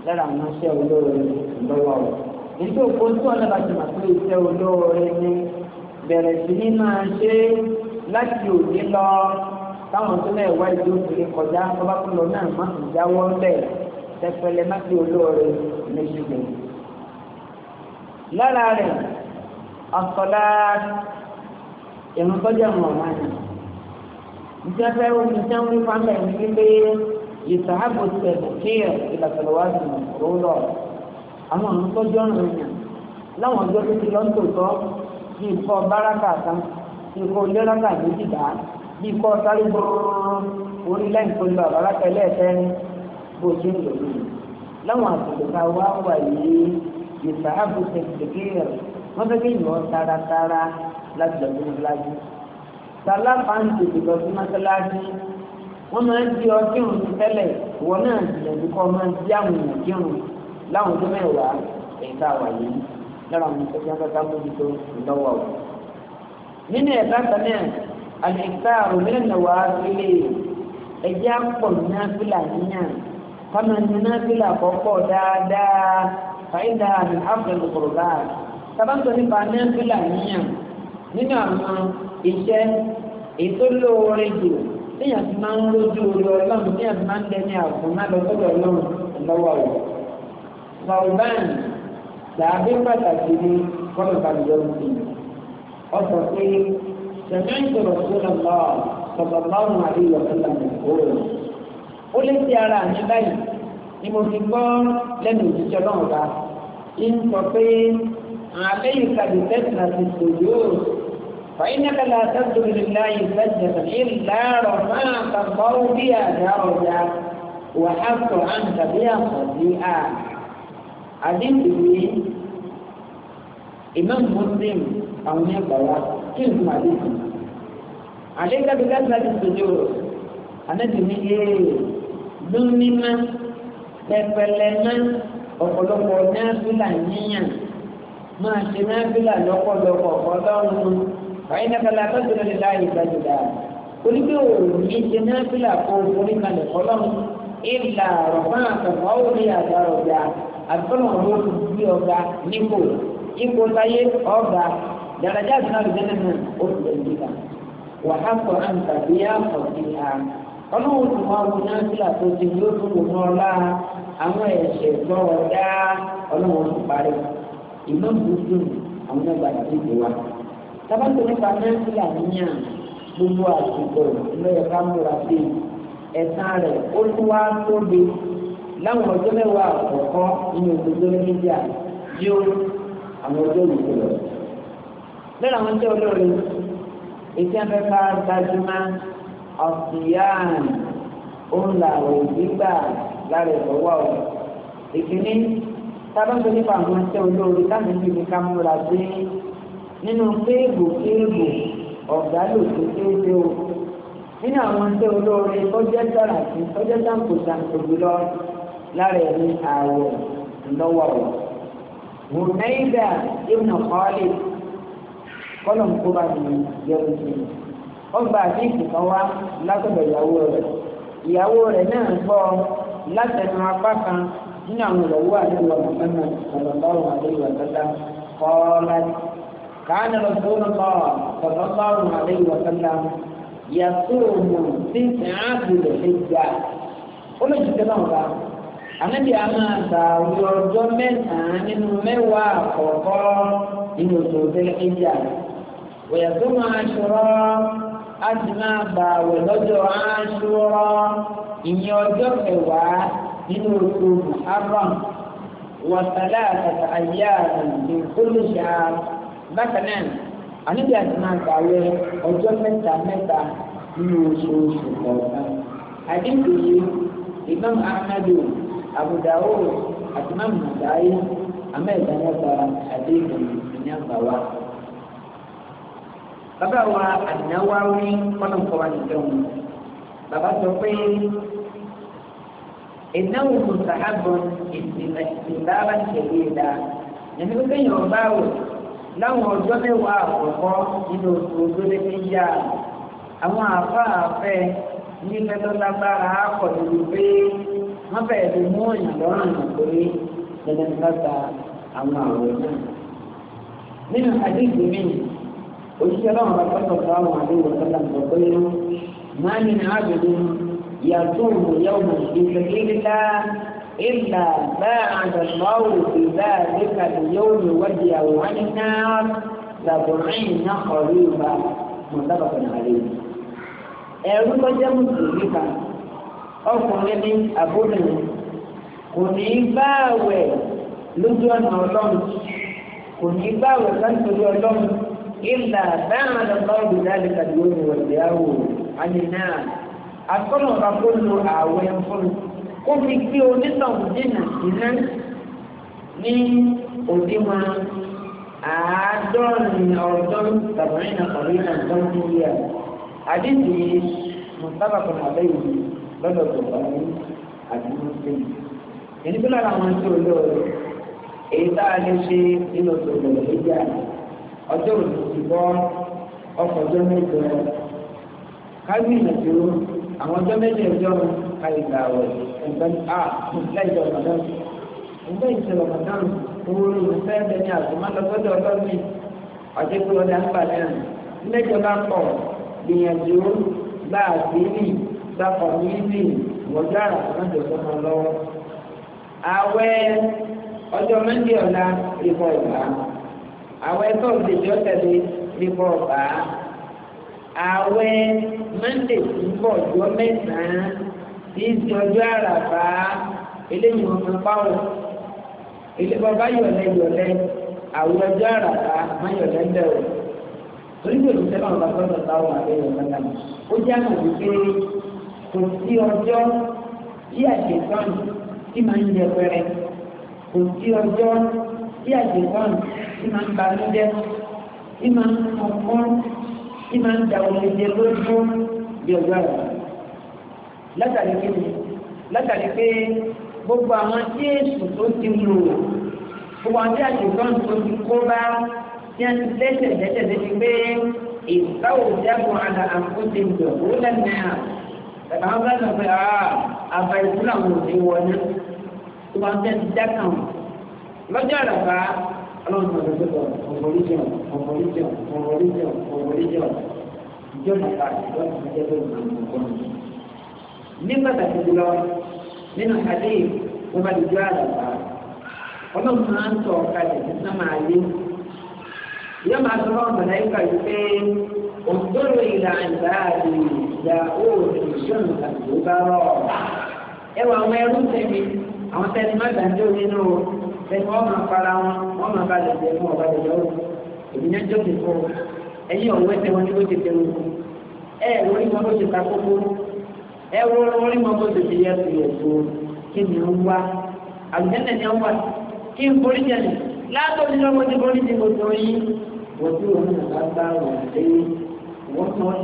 lára àwọn iṣẹ́ olóore ìlọ́wọ́ àwọn. èyí tó kó tí wọn lọ́ba ti mà pé iṣẹ́ olóore ni bẹ̀rẹ̀ sí ní máa ṣe láti òní lọ táwọn tó náà wá ìlú òkèlè kọjá ọba náà má kò jáwọ́ bẹ́ẹ̀ tẹpẹlẹ má ti olóore ní ṣùgbọ́n. lára rẹ̀ ọ̀kọ̀lá ìrún tọ́jà mọ̀ wá ní. ìjọba omi tí ń fa mẹ́ ní wípé ìsàhábò tẹ̀lé kíyà ìlàkọ̀lọ́wájú òun lọ. àwọn yẹn láwọn ọjọ́ tó ti tọ́ bí ikọ̀ báràkà kan ikọ̀ lẹ́rọ̀kà méjì dá bí ikọ̀ sáré orí lẹ́yìn tó lọ ẹlẹ́ẹ̀kẹ́rin bó ṣe yìtà àbùsẹ̀ kékeré wọ́n fẹ́ kí ìyọ̀ tààràtààrà láti lọ sí mọ́sálásí. sàlápà ń tètè lọ sí mọ́sálásí wọ́n máa di ọtí òun ti tẹ́lẹ̀ ìwọ náà gbìyànjú kọ́ di àwọn èèyàn kírun láwọn ọdún mẹ́wàá ẹ̀ka wà yìí lára Ini ìṣẹ́jú akẹ́kọ̀ọ́ mójútó ìlọ́wọ́ ọ̀. nínú ẹ̀ka kanáà àlẹ́ká òmìnira wà á sílé ẹ̀jẹ̀ àpọ̀ fàyídà àmì áfíríkà kòròbá sábàtọ̀ nípa nẹ́ńfìlà níyàn nínú àwọn iṣẹ́ ètò lóore jù níyàn ti máa ń lójú orí ọlọ́run níyàn ti máa ń dẹni àfún náà lọ́sọ̀dọ̀ ọlọ́run lọ́wọ́ rẹ̀. bàbáàn làbí pàtàkì ni kọ́nà bàbá mi ọ̀sọ̀ pé sẹ̀mẹ́ ìṣòro tó lọ lọ́ọ̀ sọ̀tọ̀ báwọn àríyọ̀ tó lọ ó lé sí ara àmì báyìí ni mo fi gbọ́ lẹ́nu òṣìṣẹ́ náà wá ń sọ pé àlẹ́yìn kàdé tẹ́sán ti sòyó فإنك لا تسجد لله سجدة إلا رفعت الله بها درجة وحط أنت بها خطيئة àdéhùn ní imam muslim àwọn ẹgbà wa kí n kún àdéhùn àdéhùn kábíkà láti sojú anájú ní ee dún ní má pẹpẹlẹ náà ọ̀pọ̀lọpọ̀ náàbílà yíyàn máa ṣe náàbílà lọ́pọ̀lọpọ̀ ọlọ́run báyìí nàkàlà tó ti lọ́lẹ̀ láàyè gbàjọ̀dá onígbé òní ṣe náàbílà kó orí kalẹ̀ ọlọ́run ìlà ọ̀pá àtọ̀pọ̀ orí àdára ọ̀gá àtọ́nà ọ̀rọ̀ bí ọ̀gá nípò ipò táyé ọ̀gá dàrájà àti náà lè ọlọ́run tó máa mú náfìlà tó ti yóò tó kò mọ́ ọlá àwọn ẹ̀ṣẹ̀ gbọ́ ọ̀dá ọlọ́run tó parí ìmọ̀ gbogbo àwọn ọgbà tó ti wá. tábàtò nípa náfìlà níyàn gbogbo àsìkò lọ́yẹ̀ ká múra sí ẹ̀sán rẹ̀ ó tó wá tóbi láwọn ọjọ́ mẹ́wàá àkọ́kọ́ nínú òdodo níjà yóò àwọn ọjọ́ òkú lọ. lọ́la àwọn ọjọ́ olóore ètí afẹ́fẹ́ gbajúmọ́ àfìyàn òun làwọn ìgbà lára ìfọwọ́ ọ̀. ìkíní sábàbí nípa àwọn ẹsẹ̀ olóore láti fi ní ká múra sí nínú kéèbù kéèbù ọ̀gá lòdì kéèbù o. nínú àwọn ẹsẹ̀ olóore tó jẹ́ dára sí tó jẹ́ dáǹkò dáǹkò jùlọ lára ẹ̀mí ààwẹ̀ ńlọ́wọ́ ọ̀. Hùnẹ́ìdà Ibn Khalid kọ́lọ̀ ń kó bá mi yọrù sí i wọ́n gba àdínkù kan wá látọ̀dọ̀ ìyàwó rẹ̀ ìyàwó rẹ̀ náà gbọ́ látẹnu apá kan nínú àwọn ìyàwó àdúgbò mọ̀tánà ọ̀lọ́lọ́rùn àdéhùn àtọ́lá kọ́ọ́lá kàánà lọ́sọ́lọ́ ọ̀lọ́lọ́rùn àdéhùn àtọ́lá yàtúrùmù sí ìhàbùlẹ̀ ìgbà ó lè jùlọ náà wá ànábì a máa ọjọ́ mẹ́sàn nínú mẹ́wàá àkọ́kọ́ nínú òṣòwò tẹ́lẹ̀ ìjà òyà tó a sì máa gbà àwẹ̀ lọ́jọ́ Àṣúrà ìyẹn ọjọ́ kẹwàá nínú oṣù Muharram wàsálà àtàtà àyà àti olùṣà bákan náà àníbi àti máa gbà àwẹ̀ ọjọ́ mẹ́ta mẹ́ta nínú oṣooṣù kọ̀ọ̀kan. àdínkù Imam Ahmadu Abu àti Imam Nasa'i amẹ́ẹ̀dá nípa àdínkù ìyẹn gbà wá bàbá wa An-Nawawi kọ́nà kọ́ wa nìkan wọn bàbá sọ pé ìnáwó mùsàlábọ̀ ìsìnbára tẹ̀lé ìdá ẹ̀mí pé kéèyàn bá wò láwọn ọjọ́ mẹ́wàá àkọ́kọ́ nínú oṣù ojúlé ní yá àwọn àfáàfẹ́ ní mẹ́tọ́lágbára akọ̀ nínú pé wọ́n bẹ̀rẹ̀ lè mú òyìn lọ́rùn lórí dandan àwọn àwòrán náà nínú àdéhùn mìíràn òṣìṣẹ́ náà wọn kọ́tọ̀ fáwọn àdéhùn sọ́lá ń sọ pé máa ní ní àbẹ̀dẹ yàtọ̀ òmùyẹ́ òmùsùlùmí ìlà ìlà bá àdàlọ́wò ìlà àdéka ìyẹ́wò ìwádìí àwọn iná làbùrìn náà kọ̀rí ìbá mọ̀tàbàtà nàlẹ́ ẹ̀rú kọjá mùsùlùmí kan ọkùnrin ní àbúrò kò ní bá àwẹ̀ lójú ọ̀nà ọlọ́run kò ní bá àwẹ̀ láti ọlọ́run ìlà bẹ́ẹ̀rẹ̀ lọ́gbọ̀dù láti tàbí olùwọ̀dì àwò àyìnà àkọ́nà ọba kó lo àwẹ̀ fún kó fi gbé onítọ̀hún dínà iná ní òdiwọ̀n àádọ́rin ọdún tàbí nàkọ̀rí náà tó ń yí à àdìsí mùsàbà kan àbẹ́yìn lọ́dọ̀ tó bá ní àdúgbò sẹ́yìn. èyí tó lára àwọn tí olóore èyí tá a lè ṣe nínú tó lọ́dọ̀ lójú ọjọ́ ọkọ̀ ọjọ́ mẹ́jọ kábíyèsí o àwọn ọjọ́ méjì ọjọ́ àìgbà ọ̀rọ̀ ẹ̀gbẹ́ a nǹkan ìjọ ọ̀mọ̀dán nǹkan ìjọ ọ̀mọ̀dán owó ló fẹ́ ẹ̀dẹ́ ní àtúmọ̀lọ́gbọ́dọ̀ ọlọ́mìn ọjọ́ tó lọ́dà ń mẹ́jọ bá pọ̀ gbìyànjú ọjọ́ àwẹ̀ tọ́sídẹ̀ẹ́ tí ó tẹ̀lé ní bọ́ ọ̀bá àwẹ̀ mọ́ndé tí ń bọ̀ ọjọ́ mẹ́sàn-án tí í ti ọjọ́ àràbá eléyìí wọn máa pàwọ̀ ilé bàbá yọ̀lẹ́ yọ̀lẹ́ àwọn ọjọ́ àràbá má yọ̀lẹ́ ń bẹ̀rù torí pé òṣìṣẹ́ náà bá tọ́jọ́ táwọn àbẹ̀yọ̀ mẹ́ta ó jẹ́ àmọ̀ wípé kò sí ọjọ́ tí àṣetán tí máa ń yẹpẹrẹ kò sí ọjọ́ tí àṣetán ìmọ̀ ń banújẹ́ ìmọ̀ ń kọ̀ọ̀kọ́ ìmọ̀ ń da òṣèlú lójú bí ọjọ́ rẹ̀ látàrí kí ni látàrí pé gbogbo àwọn tí èsù tó ti lò gbogbo àwọn tí àṣetán tó ti kó bá tí a ti lẹ́sẹ̀ lẹ́sẹ̀ lẹ́sẹ̀ pé ìbáwò jágun àgbà àkóso ìjọ òun lẹ́nu náà bàbá wọn bá sọ pé àbá ìkúlà wọn ò ní wọlé gbogbo àwọn tí a ti dá kàn lọ́jọ́ àràbá ọlọ́run ọ̀dọ̀ tó bọ̀ ọ̀pọ̀lọ́jọ́ ọ̀pọ̀lọ́jọ́ ọ̀pọ̀lọ́jọ́ ọ̀pọ̀lọ́jọ́ ìjọba àtijọ́ ìjọba tó ń bọ̀ ọ̀pọ̀ ní pàtàkì jùlọ nínú àdé wọn bá dojú àlàbà ọlọ́run máa ń tọ̀ kalẹ̀ nígbà máa yé yóò máa tọ́ ọ̀nà láìka yìí pé òǹdóró ìlà ìgbà àdé ìjà òòrùn ìṣòro àti ìgbà rọ̀ ẹwà àwọn ẹrú tẹ̀mí àwọn tẹ̀mí má dàjọ́ nínú ẹni wọ́n máa fara wọn wọ́n máa bá lẹ̀jẹ̀ wọn ọba lẹ̀jẹ̀ wọn ènìyàn jọ kì kọ́ ẹ̀yìn ọ̀wọ́ ẹsẹ̀ wọn tí ó ti tẹnu ẹ̀ lórí wọn ló ti ta kókó lórí bó ti ti yẹ ti yẹ tó kí ni ó wá ni ó kí n borí látọ̀ borí ti yín wọ́n bá bá wọn wọ́n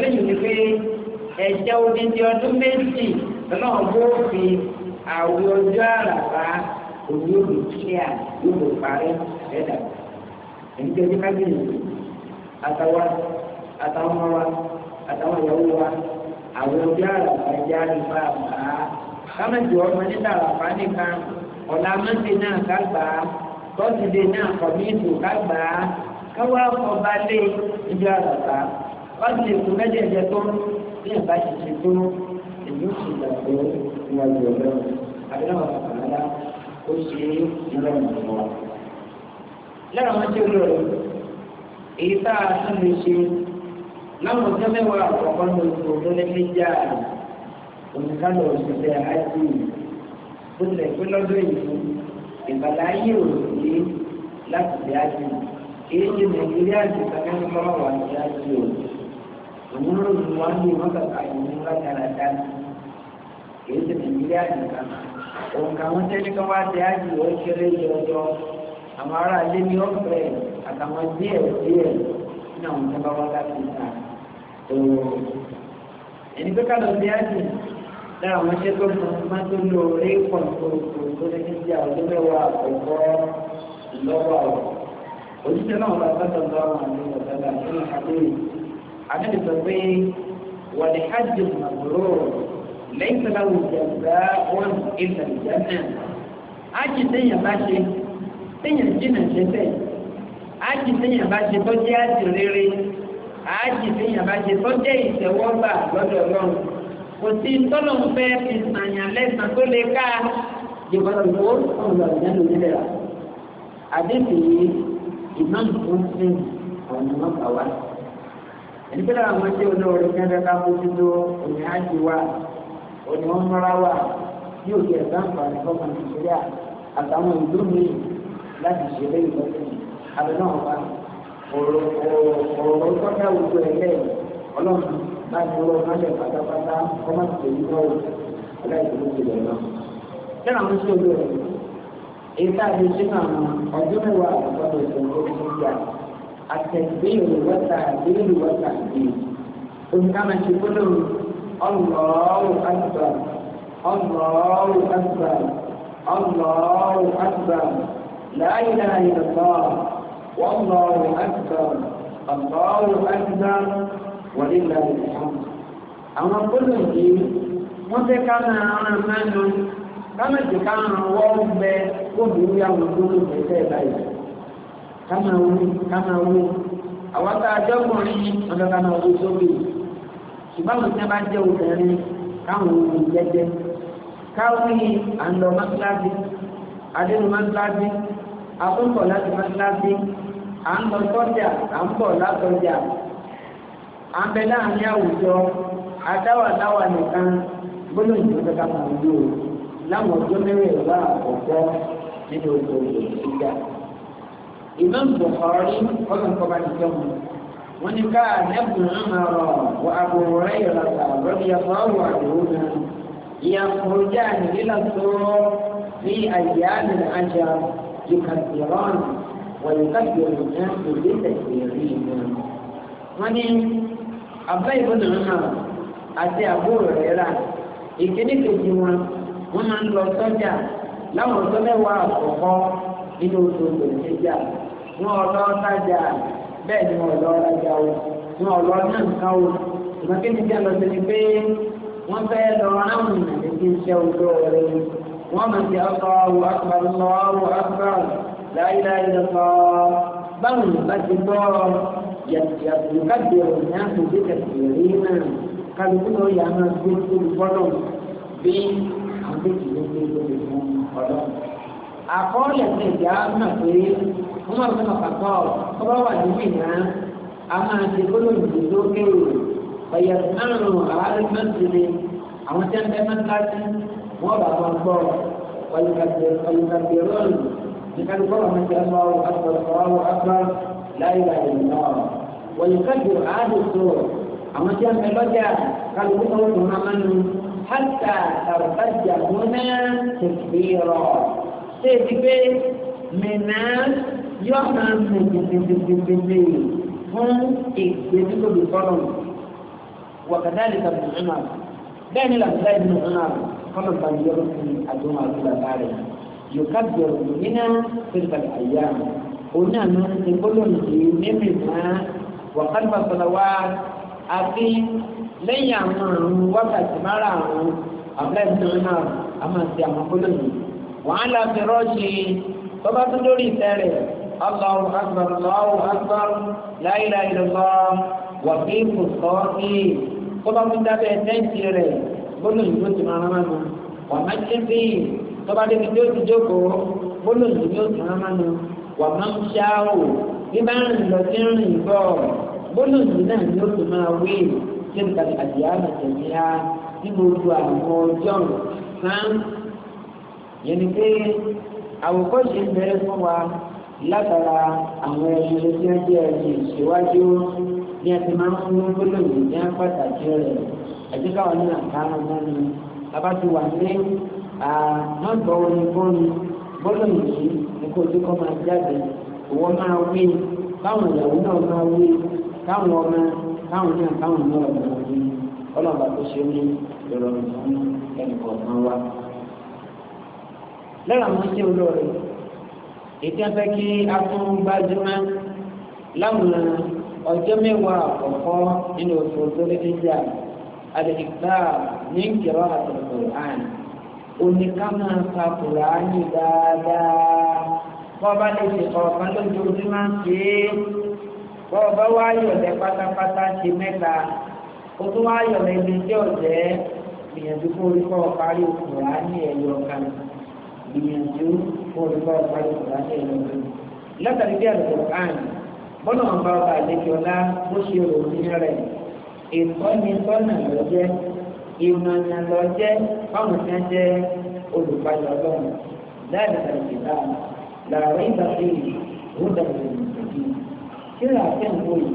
lẹ́kọ̀ọ́ ẹ̀jẹ̀ odindi ọdún méjì náà bó fi àwọn ọjọ́ àràbá òní òbí kíá yóò parí ẹ̀dá. Ẹ̀jẹ̀ ní kábìrì àtàwọn àtàwọn ọmọ wa àtàwọn ìyàwó wa àwọn ọjọ́ àràbá ẹ̀jẹ̀ àràbá àbá. Kámẹ́jì ọmọ nígbà àràbá nìkan ọ̀la mọ́tì náà kágbà tọ́sídẹ̀ẹ́ náà kọ̀míìtì kágbà káwá ọba lé ìjọ àràbá. Wọ́n ti lè kú mẹ́jẹ̀ẹ̀jẹ̀ tó ń bí ìbá ti ṣe tó èyí ò sì gbàgbé níwájú ọ̀rẹ́ rẹ̀ àbíláwọ̀ àkàrà ó ṣe é lọ́rùn lọ́wọ́. lára wọn tí ó lọ èyí tá a tún lè ṣe láwọn ọjọ́ mẹ́wàá àkọ́kọ́ ní oṣù tó lé méjà oníkálọ̀ òṣìṣẹ́ àìsí ó lè pé lọ́dún èyí ìbàlá ayé òṣìṣẹ́ láti ṣe àìsí èyí ti nàìjíríà ti sàkẹ́ńtì mọ́wàá àti àìsí òṣìṣẹ́ domin rubutu wani maka ƙa'imin rakarata ke yi Nàìjíríà nìkan òǹkà wọn tẹ́lẹ̀ kan wá ti ájì ó kéré jọjọ àwọn ará ilé ní ọ̀fẹ́ àtàwọn díẹ̀ díẹ̀ ní àwọn tó bá wá láti ìta tó ẹni pé kálọ̀ ti ájì lára àwọn iṣẹ́ tó fún un máa tó lò rí pọ̀ tó tó ní kí di àwọn mẹ́wàá àkọ́kọ́ lọ́wọ́ àwọn òṣìṣẹ́ náà wọ́n bá sọ́tọ̀ lọ́wọ́ àwọn àti ọ̀tọ̀ àdébí sọ pé wàlẹ̀ hajj màgbòrò lẹ́yìn tọ́lá wùjọ gbà wọn ìlà ìjà náà ájì téèyàn bá ṣe téèyàn jìnnà ṣe tẹ̀ ájì téèyàn bá ṣe tó jẹ́ ájì rere ájì téèyàn bá ṣe tó jẹ́ ìtẹ̀wọ́gbà lọ́dọ̀ ọlọ́run kò sí tọ́lọ̀ ń fẹ́ fi sànyàn lẹ́sàn tó lè ká ìbọ̀lọ̀gbọ̀ ọ̀rọ̀ ìyá ló nílẹ̀ rà àdébí ìmọ̀ nǹkan fún ọ̀nà mọ́kàwá nígbàdà àwọn tí olóore kẹ́ńtẹ́ ká mójútó òní ájì wa òní wọn mọ́ra wa yóò jẹ́ ìdáǹfààní fọ́mọ nàìjíríà àtàwọn ìlú míì láti ṣe lẹ́yìn lọ́sẹ̀ àbẹ̀ náà wá ọ̀rọ̀ tọ́jà gbogbo ẹ̀ lẹ́yìn ọlọ́run láti ọwọ́ mọ́lẹ̀ pátápátá ọmọ ìṣèlú lọ́wọ́ aláìsílẹ̀ ìṣẹ̀lẹ̀ náà. kí làwọn ṣe olóore èyí tá a lè ṣe náà ọjọ́ mẹ́wàá àgbàdo التكبير والتعبير والتعبير كما تقول الله أكبر الله أكبر الله أكبر لا إله إلا الله والله أكبر الله أكبر ولله الحمد أما كل شيء متكنا أنا من كما تكنا وهم بكل يوم كل شيء káma wo káma wo àwọn tá a jẹ́ ọkùnrin ọ̀dọ́ káma wo sókè ṣùgbọ́n àwọn tí wọ́n bá jẹ́ obìnrin káwọn ò ní jẹ́jẹ́ káwọn ní àlọ́ mọ́síláàbí adéhùn mọ́síláàbí akókò láti mọ́síláàbí à ń lọ sọ́jà à ń bọ̀ látọjà à ń bẹ láàrin àwùjọ adáwàdáwà nìkan gbólóhùn ìjọba káma wo láwọn ọjọ́ mẹ́rẹ̀ẹ́wà àkọ́kọ́ nínú oṣù ìgbà. Imam Bukhari ọdún kọba nìkẹ́ wọn wọ́n ní ká ẹ̀bùn àmàrọ̀ Abu Hurairah lọ́dí ẹ̀fọ́ wà lóhùn náà ìyá kọjá nílá tó ní àyè àmì àjà yukadìrán wà yukadìrán náà kò lè na. náà. wọ́n ní abẹ́ ìbọn àmàrọ̀ àti Abu wọn máa ń lọ sọ́jà láwọn nínú wọn ọ̀lọ́ ọ̀tajà bẹ́ẹ̀ ni wọn ọ̀lọ́ ọ̀tajà o wọn ọ̀lọ́ náà kan o ìmọ̀ kí ni kí a lọ sí ni pé wọ́n fẹ́ lọ ráhùn àti iṣẹ́ ojú ọ̀rẹ́ wọ́n mọ̀ sí ọkọ̀ ọ̀wọ̀ akbar lọ́wọ́ akbar la ilaha illallah báwo ni bá ti gbọ́ yàtìyàtì káàdì ọ̀rọ̀ ní àtúndé kẹsìrì náà kálukú náà yà máa gbé olùfọ́nà bí àwọn méjì ló gbé lórí fún ọlọ́run àkọọ́lẹ̀ tẹ̀yà náà pé wọ́n máa fẹ́ pàpàpọ̀ ọba wà níbí náà a máa ti gbólóhùn tó kéwò ọ̀yẹ̀ àrùn àwárí mẹ́tìrì àwọn tí wọ́n fẹ́ mẹ́tàkì wọ́n bá wọn gbọ́ ọ̀lùkàbẹ̀rọ̀lù nìkan gbọ́ wọn ti ọmọ akpọ̀ ọwọ́ akpọ̀ láyé láyé náà ọ̀lùkàbẹ̀ àádùsọ àwọn tí wọ́n fẹ́ lọ́jà kálukú náà wọ́n tó máa hàtà àrùbájà múná yóò máa ń sìn gbègbègbègbè fún ìgbèdúgbòdò fọlọ wàkàtàlì kàbí ọmọ bẹ́ẹ̀ ni làbúlá ìdùnnú ọmọ fọlọ bá yọ lọ sí àdúrà àdúrà káàrẹ yóò kábíyà òmìnira fẹsẹlẹ àyà òun àná ti gbólóhùn yìí mímì máa wàkàtàlì kàbí ọmọ àti lẹ́yìn àwọn àrùn wákàtí márààrún àbúlá ìdùnnú ọmọ àmọ́ àti àwọn gbólóhùn wàhálà fẹrọ́ọ̀ṣì tọ́ba tó lórí ìtẹ́ rẹ̀ Allahu akbar Allahu akbar la ilaha illallah wà kí kò sọ kí tó bá fún dábẹ́ tẹ́ǹtì rẹ̀ gbọ́dọ̀ ìlú ti máa máa nù wà má ṣe fi tó bá débi tó ti jókòó gbọ́dọ̀ ìlú ti máa máa nù wà má ń ṣáwò bí bá ń lọ sí rìn bọ̀ gbọ́dọ̀ ìlú náà ni ó ti máa wí ṣé nǹkan àdìyá àtẹ̀mí á ní gbogbo àwọn ọjọ́ sáà yẹn ni pé àwòkọ́ṣe ń bẹ̀rẹ̀ fún wa látara àwọn ẹni tí wọ́n jẹ́ ẹni ìṣèwájú ní ẹni máa ń fún gbólóhùn ní apàtàkì rẹ̀ àti káwọn náà kánú mọ́nu bàbá ti wà ní àmọ́gbọ́ orin bọ́ọ̀lù gbólóhùn yìí ní kó tó kọ́ máa jáde òwò máa wí káwọn ìyàwó náà máa wí káwọn ọmọ káwọn náà káwọn náà máa wí ọlọ́ọ̀bà tó ṣe ní ìrọ̀rùn fún ẹnì kọ̀ọ̀kan wa. lẹ́yìn àwọn tí olóore ètò ẹ̀fẹ́ kí a tún gbajúmọ̀ láwọn ọjọ́ mẹ́wàá àkọ́kọ́ nínú oṣù Dhul-Hijja àdìgbà ní kìrọ̀ Al-Qur'an oníkàmọ́ ka Kùránì dáadáa bọ́ọ̀bá lè ṣe kọ̀ọ̀kan lójoojúmọ́ ṣe é bọ́ọ̀bá wá yọ̀lẹ̀ pátápátá ṣe mẹ́ta ó tún wá yọ̀lẹ̀ ibi tí ọ̀jẹ́ gbìyànjú kó orí kọ́ parí Kùránì ẹ̀yọ̀ kan gbìyànjú kó o bá ọba yìí kọ̀ọ̀lá ṣe ẹ̀rọ rẹ̀. látàrí bí àlùkò àn bọ́nà ọba ọba àlejò ọlá bó ṣe òfin rẹ̀ ìtọ́ni tọ́nà lọ jẹ́ ìmọ̀nà lọ jẹ́ fáwọn tí wọ́n jẹ́ olùpayọ̀ ọlọ́run láàrín àlejò náà làwọn ìgbà pé òun dàgbà ìgbàgbé kíra àtẹ̀wò yìí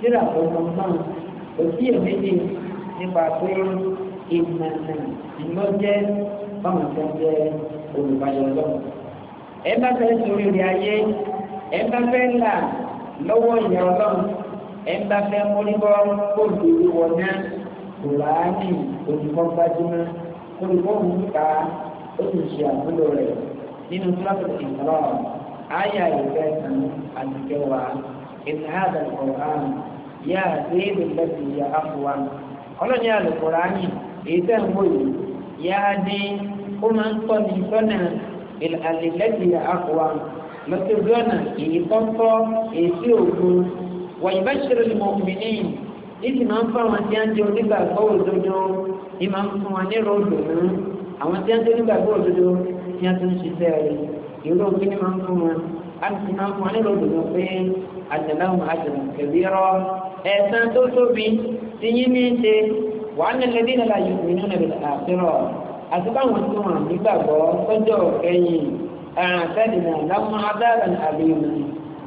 kíra ọmọ náà òsì èméjì nípa pé ìmọ̀nà ìlọ́jẹ́ fáwọn tí wọ́n jẹ́ olùpayọ̀ ọlọ́run ẹ bá fẹ́ sórí ilé ayé ẹ bá fẹ́ là lọ́wọ́ ìyá ọlọ́run ẹ bá fẹ́ múlíbọ́ olùdókòwò wọn náà kùránì olùkọ́ gbajúmọ́ olùkọ́ òmùkà ó sì ṣe àmúlò rẹ̀ nínú kíláàsì ìkọlọ́ àyà ìfẹ́ sàn àdìgẹ́wà ìtàhàdà kọ̀ọ̀kan yá àdéhùn lẹ́sìn ìyá àfọwà ọlọ́ni àlùkùránì èyí tẹ̀ ń wòye yá á dín ó máa ń tọ́ni sọ́nà ìlàlẹ́lẹ́dìí àkùwà lọ́sọ̀gbọ́nà èyí kọ́ńtọ́ èsì ògùn wàyí bá ṣe lè mọ òmìnir ìsì máa ń fún àwọn tí a ń jẹ onígbàgbọ́ òdodo ní máa ń fún wa nírò òdòdó àwọn tí a ń jẹ onígbàgbọ́ òdodo tí a tún ṣiṣẹ́ rẹ̀ ìró òkè ní máa ń fún wa a sì máa ń fún wa nírò òdòdó pé àjàláhùn àjàlá kẹ̀lé rọ ẹ̀sán tó tóbi ti yín ní ṣe wàá nílẹ̀ bí nàlàyé àti báwọn tí wọn nígbàgbọ́ tọ́jọ́ kẹyìn àtẹ́nìmọ̀ láwọn adáran àlèmù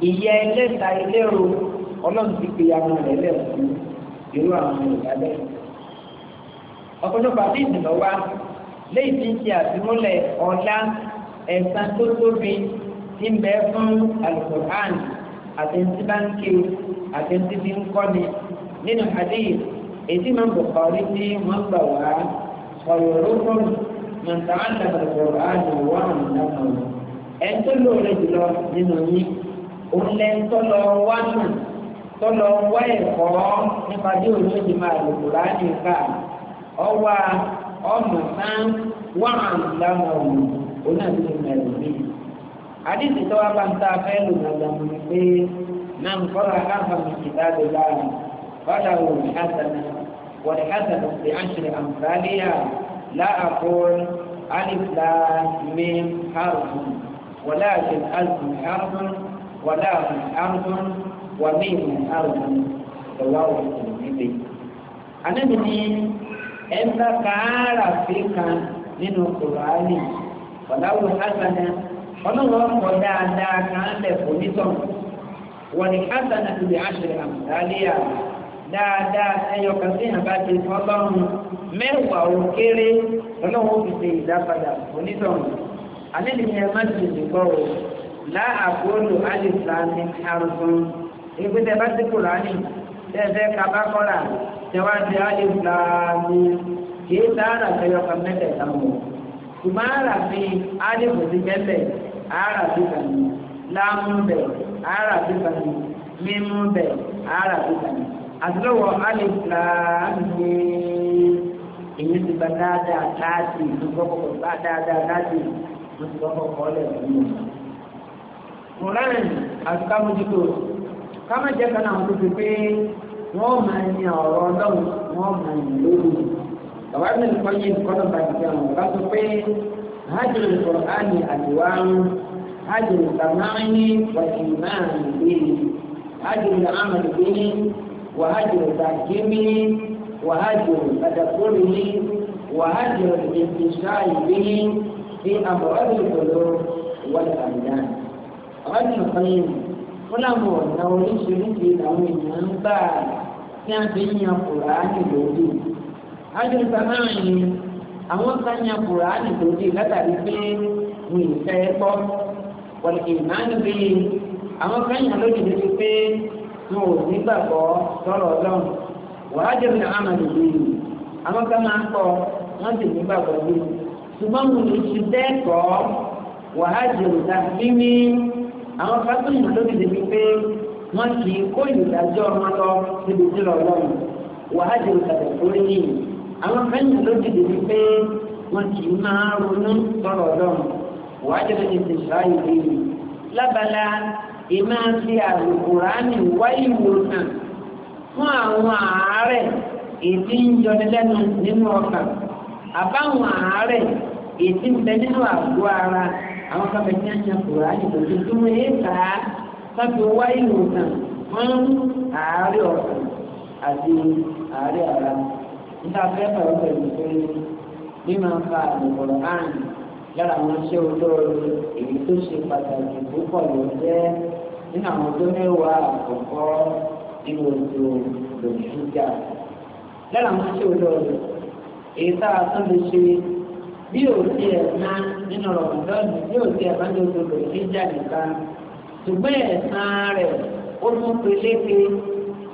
ìyẹ ẹlẹ́ta ilérò ọlọ́run ti pe àwọn rẹ̀ lẹ́kùn irú àwọn ìyálẹ̀. ọ̀pọ̀lọpọ̀ àti ìdìlọ́wà léyìí ti ń ṣe àtìmúlẹ̀ ọ̀la ẹ̀sán tó tóbi ti ń bẹ fún alukur'an àti ti bá ń kiri àti ti fi ń kọ́ni nínú hadith èyí tí máa ń bọ̀ kọ́rí tí wọ́n gbà wá. خيركم من تعلم القرآن وعلمه ẹni tó lóore jùlọ nínú yín òun lẹ́yìn tó lọ wá nù tó lọ wá ẹ̀kọ́ nípa bí òun yóò di máa lò kó láàyè ká ọwọ́ ọmọ náà wà láwọn ọ̀hún òun náà ti mọ̀ ẹ̀rọ mi. àdìsí tó wá bá ń ta fẹ́ lò nàgbà mọ̀ ní pé náà ń kọ́ra káfà mi kì í والحسن بعشر أمثالها لا أقول ألف لام ميم حرف ولكن ألف حرف ولام حرف وميم حرف رواه الترمذي أنا مني ẹ̀fẹ́ kààrà fi kan nínú kùránì ọ̀làwù hasana ọlọ́wọ́ pọ̀ dáadáa kan lẹ̀ fún nítọ̀ wọ̀n ni hasana ti lè aṣèrè àmàlálíyà dáadáa ẹyọkàn sí ìhàbá ti ọlọ́run mẹ́wàá ó kéré ọlọ́run fi ṣe ìdápadà onítọ̀hún alẹ́lẹ́ ni ẹ má ti dìbò o láàbòlò alìsàmì àrùn ìgbésẹ bá ti kúrò ánì tẹ́fẹ́ kábákọ́là tẹ́wájú alìsàmì kìí sáárà ẹyọkàn mẹ́tẹ̀ẹ̀ta mọ́ ṣùgbọ́n àràfin alìbòsí mẹ́tẹ̀ àràfin kàní láàmú bẹ̀ àràfin kàní mímú bẹ̀ àràfin kàní àtúlọ́wọ̀ alìsìláàmì èyí ti bá dáadáa láti ìlú gbọ́kọ̀kọ̀ bá dáadáa láti ìlú gbọ́kọ̀kọ̀ lẹ̀ nínú. mùránì àti kámójútó kámẹ́jẹ́ kan àwọn tó ti pé wọ́n máa ń yan ọ̀rọ̀ ọlọ́run wọ́n máa ń lóru. bàbá mi ní kọ́yé ìkọ́nà bá ti jẹun bá sọ pé hajj ìkọ̀ránì àdìwárùn hajj ìtàmáyé wàjìmáà nìgbé hajj ìlànà nìgbé وهجر تحكيمه وهجر تدخله وهجر الانتشاء به في أمراض القلوب والأبدان غني القيم fúlàmù ọ̀nà oríṣiríṣi làwọn èèyàn ń bá a tí a fi ń yan kùránì lódì. ájúta náà ni àwọn kan yan kùránì lódì látàrí pé wọn ì fẹ́ gbọ́. wọ̀lì ìmánu bíi àwọn kan yan lódì lódì pé tí wọn ò ní gbàgbọ́ sọ̀rọ̀ ọlọ́run wàá jẹ̀bi àmà lòdì yìí àwọn kan máa ń kọ wọn sì ní gbàgbọ́ bí ṣùgbọ́n mo lè ṣe bẹ́ẹ̀ kọ́ wàá jẹ̀bi tàbí mi àwọn fásitì lóbi débi pé wọn kì í kó ìdájọ́ wọn lọ síbi tí lọ wàá jẹ̀bi tàbí orí yìí àwọn fẹ́yìn lóbi débi pé wọn kì í máa ronú sọ̀rọ̀ ọlọ́run wàá jẹ̀bi tàbí ìṣáyé yìí lábala ìmá fi àlùkùránì wáyé ìwòsàn fún àwọn àárẹ̀ ètí ń jọni lẹ́nu nínú ọkàn àbáwọn àárẹ̀ ètí ń bẹ nínú àgọ́ ara àwọn kan bẹ̀rẹ̀ ní àṣà kùránì tó ti túmọ̀ èèkà láti wáyé fún àárẹ̀ ọkàn àti àárẹ̀ ara nígbà fẹ́fẹ́ ọ̀gbẹ̀ fa olóore èyí tó ṣe pàtàkì púpọ̀ nínú àwọn ọjọ́ mẹ́wàá àkọ́kọ́ nínú oṣù lòmìnira lára àwọn tí ó lọ́ọ̀rọ̀ èyí tá a tán lè ṣe bí ò sí ẹ̀ ná nínú rọ̀mọ̀dọ́ọ̀nù bí ò sí ẹ̀ bá ní oṣù lòmìnira nìkan ṣùgbọ́n ẹ̀sán rẹ̀ ó tún pe léke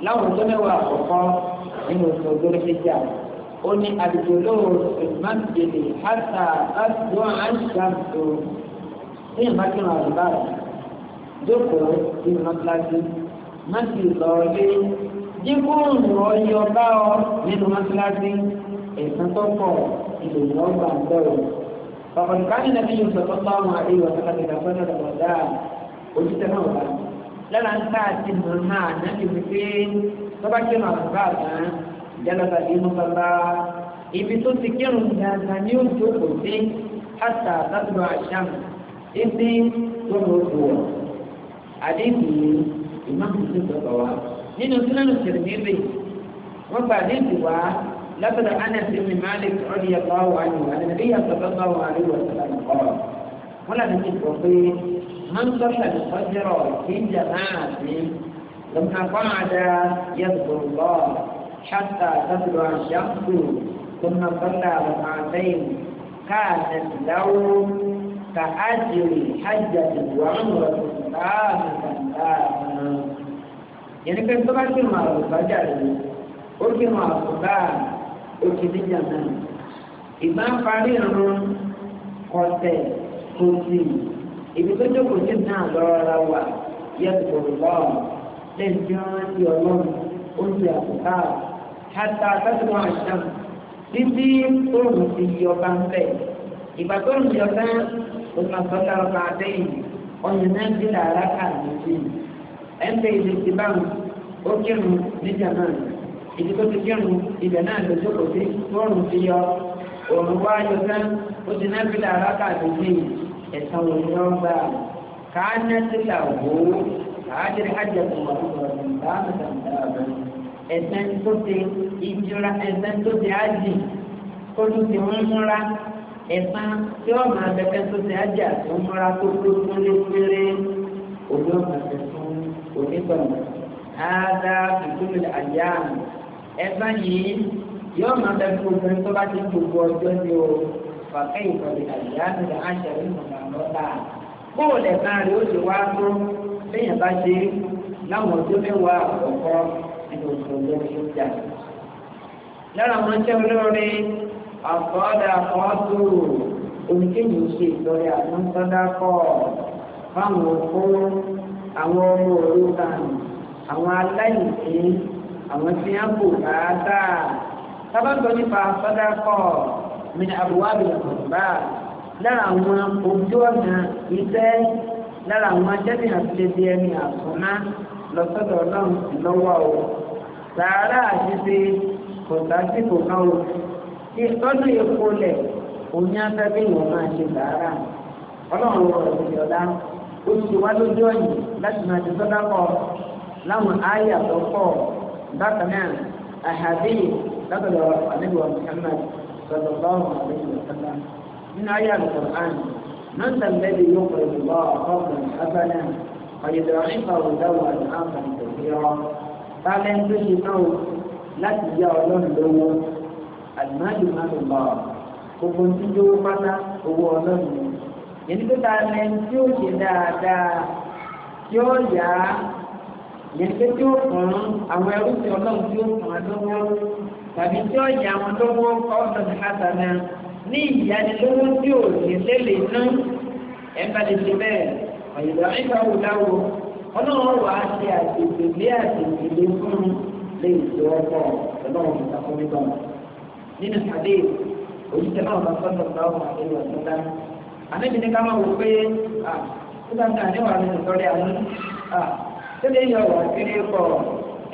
láwọn ọjọ́ mẹ́wàá àkọ́kọ́ nínú oṣù lòmìnira ó ní àdìgbòlò ìmọ̀jèlè àtà àtúwọ̀n àṣàmùtò ní ìmọ̀jèlè jókòó sí mọ́tíláṣí má sì sọ̀rọ̀ pé jíkú ọ̀rọ̀ yọ bá ọ nínú mọ́tíláṣí ẹ̀sán tó pọ̀ ìlòyìn ọgbà ń bẹ̀rù. Bàbáni ká ní nàbí yóò sọ fọ́tọ́ àwọn àríwá sákàtì ìdàgbọ́nà lọ́dà òjútẹ́ náà wà. Lára ń tà sí mọ̀ náà nàbí wípé tọ́ba kí ọ̀nà àbúrò àgbọ̀n ìjálọ́ta dé mú bàbá. Ibi tó ti kírun dáadáa ní òjò kò sí àtà látọ̀ àṣàm. tó lọ bù ọ́. àdéhùn ìmáàmù tó sọ̀rọ̀ wá nínú súnánù tìrìmìrì wọ́n gba àdéhùn wá látọ̀dọ̀ Anas ibn Malik radiyallahu anhu àdìmọ̀dé yàtọ̀ lọ́wọ́ àwọn àríwọ̀ sọ̀rọ̀ nǹkan wọ́n làdí ti sọ pé máa ń sọ̀rọ̀ àdìfọ́jọ́rọ̀ kí ń jà náà sí lọ́mọ àkọ́nàdá yàtọ̀ lọ́ حتى تطلع الشمس ثم صلى ركعتين كانت له كأجر حجة وعمرة káàmù kàdáàmù yẹnni pé tó bá kí mọ àlùbájà rẹ ó kí mọ àkùdá ó ti níjà náà ìgbà ń parí irun kọtẹ kò sí ibi tó jókòó sí náà lọ́rọ́ra wà yẹtù lọ́ọ̀ lẹ́yìn tí wọ́n ti ọlọ́run ó ti àkùdá hàtà àtàkùn àṣà títí tóun ti yọba ń bẹ̀ ìgbà tóun yọba ó ti máa sọ́dọ̀ ọba adéyìn ọ̀yàn náà ti là rákà méjì ẹ̀ńbẹ́ ilé ti bá wọn ó kírun níjà náà ìdí tó ti kírun ibẹ̀ náà ló jókòó sí fóònù ti yọ òun wá yọ sẹ́n ó ti náà ti là rákà méjì ẹ̀sán òun yọ gbà káà náà ti là wò ó káà ti rí àjẹ fún wọn bá mi tàn dára bẹ́ẹ̀ ẹ̀sán tó ti ìjọra ẹ̀sán tó ti ájì kó tó ti múra ẹ̀fán tí wọ́n máa bẹ̀kẹ́ tó ti ájà tó ń múra tó tó tó lé péré òjò àti fún onígbàmù. Ádá ìtúlù àyà ẹ̀fán yìí yóò máa bẹ̀kẹ́ obìnrin tó bá ti gbogbo ọjọ́ ni o fàkẹ́ ìkọ̀lẹ̀ àyà ni lè ájà rí mọ̀nà lọ́ta. Bóòlù ẹ̀fán rẹ̀ ó ti wá tó lẹ́yìn bá ṣe láwọn ọjọ́ mẹ́wàá àkọ́kọ́ nínú òṣèlú ọjọ́ ìjà. Lára àwọn ọjọ́ àtọ́dà kan tó oníkéyìí ń ṣe ìtọ́rẹ àtúntọ́dá kọ́ fáwọn òkú àwọn ọmọ òrukàn àwọn aláìsí àwọn tí wọn kò bá dà sábàtọ́ nípa àtọ́dá kọ́ mi àbúwá bìlẹ̀ kọ̀ọ̀bá lára àwọn ojú ọ̀nà iṣẹ́ lára àwọn ajẹ́bí àtúnṣe ẹni àtúná lọ́sọ̀dọ̀ ọlọ́run lọ́wọ́ o sàárà àti ṣe kò sásìkò kan o tí tọ́jú epo lẹ̀ òní afẹ́fẹ́ ìwọ̀n máa ṣe sàárà ọlọ́run rọ̀ ìrìn ọ̀la ó ti wá lójú ọ̀yìn láti máa ti sọ́dá kọ láwọn àyà tó pọ̀ bákan náà àhàbí látọ̀dọ̀ àdébíwọ̀ Muhammad sallallahu alaihi wa sallam nínú àyà al-Qur'an من الذي يقرض الله قرضا حسنا ويضاعفه له اضعافا كثيرا فلن تجدوا لا تجعلون له àlùmáàlù máa ń lọ gbogbo ní lówó pátá owó ọlọ́run yẹn ní pípa ẹni tí ó ṣe dáadáa tí ó yá yẹn pé tí ó fún àwọn ẹrú tí ọlọ́run tí ó fún lọ́wọ́ tàbí tí ó yá wọn lọ́wọ́ ọ̀sán àtàná ní ìyánilówó tí ò ní lélẹ̀ náà ẹ̀ bá lè ṣe bẹ́ẹ̀ ọ̀yẹ̀dọ̀ nípa òwúláwo ọlọ́run wà á ṣe àgbègbè lé àgbègbè lé fún lè tó ọkọ̀ ọlọ́run ìtàkùn nígbà nínú ìpàdé òṣìṣẹ́ náà bá sọ́dọ̀ sáwọn àdéhùn ọ̀sọ́dá àmẹ́bí ní ká máa wò pé à tó bá ń ta àdéhùn àmì ìtọ́rẹ́ àmú à tó lè yọ wà kéré pọ̀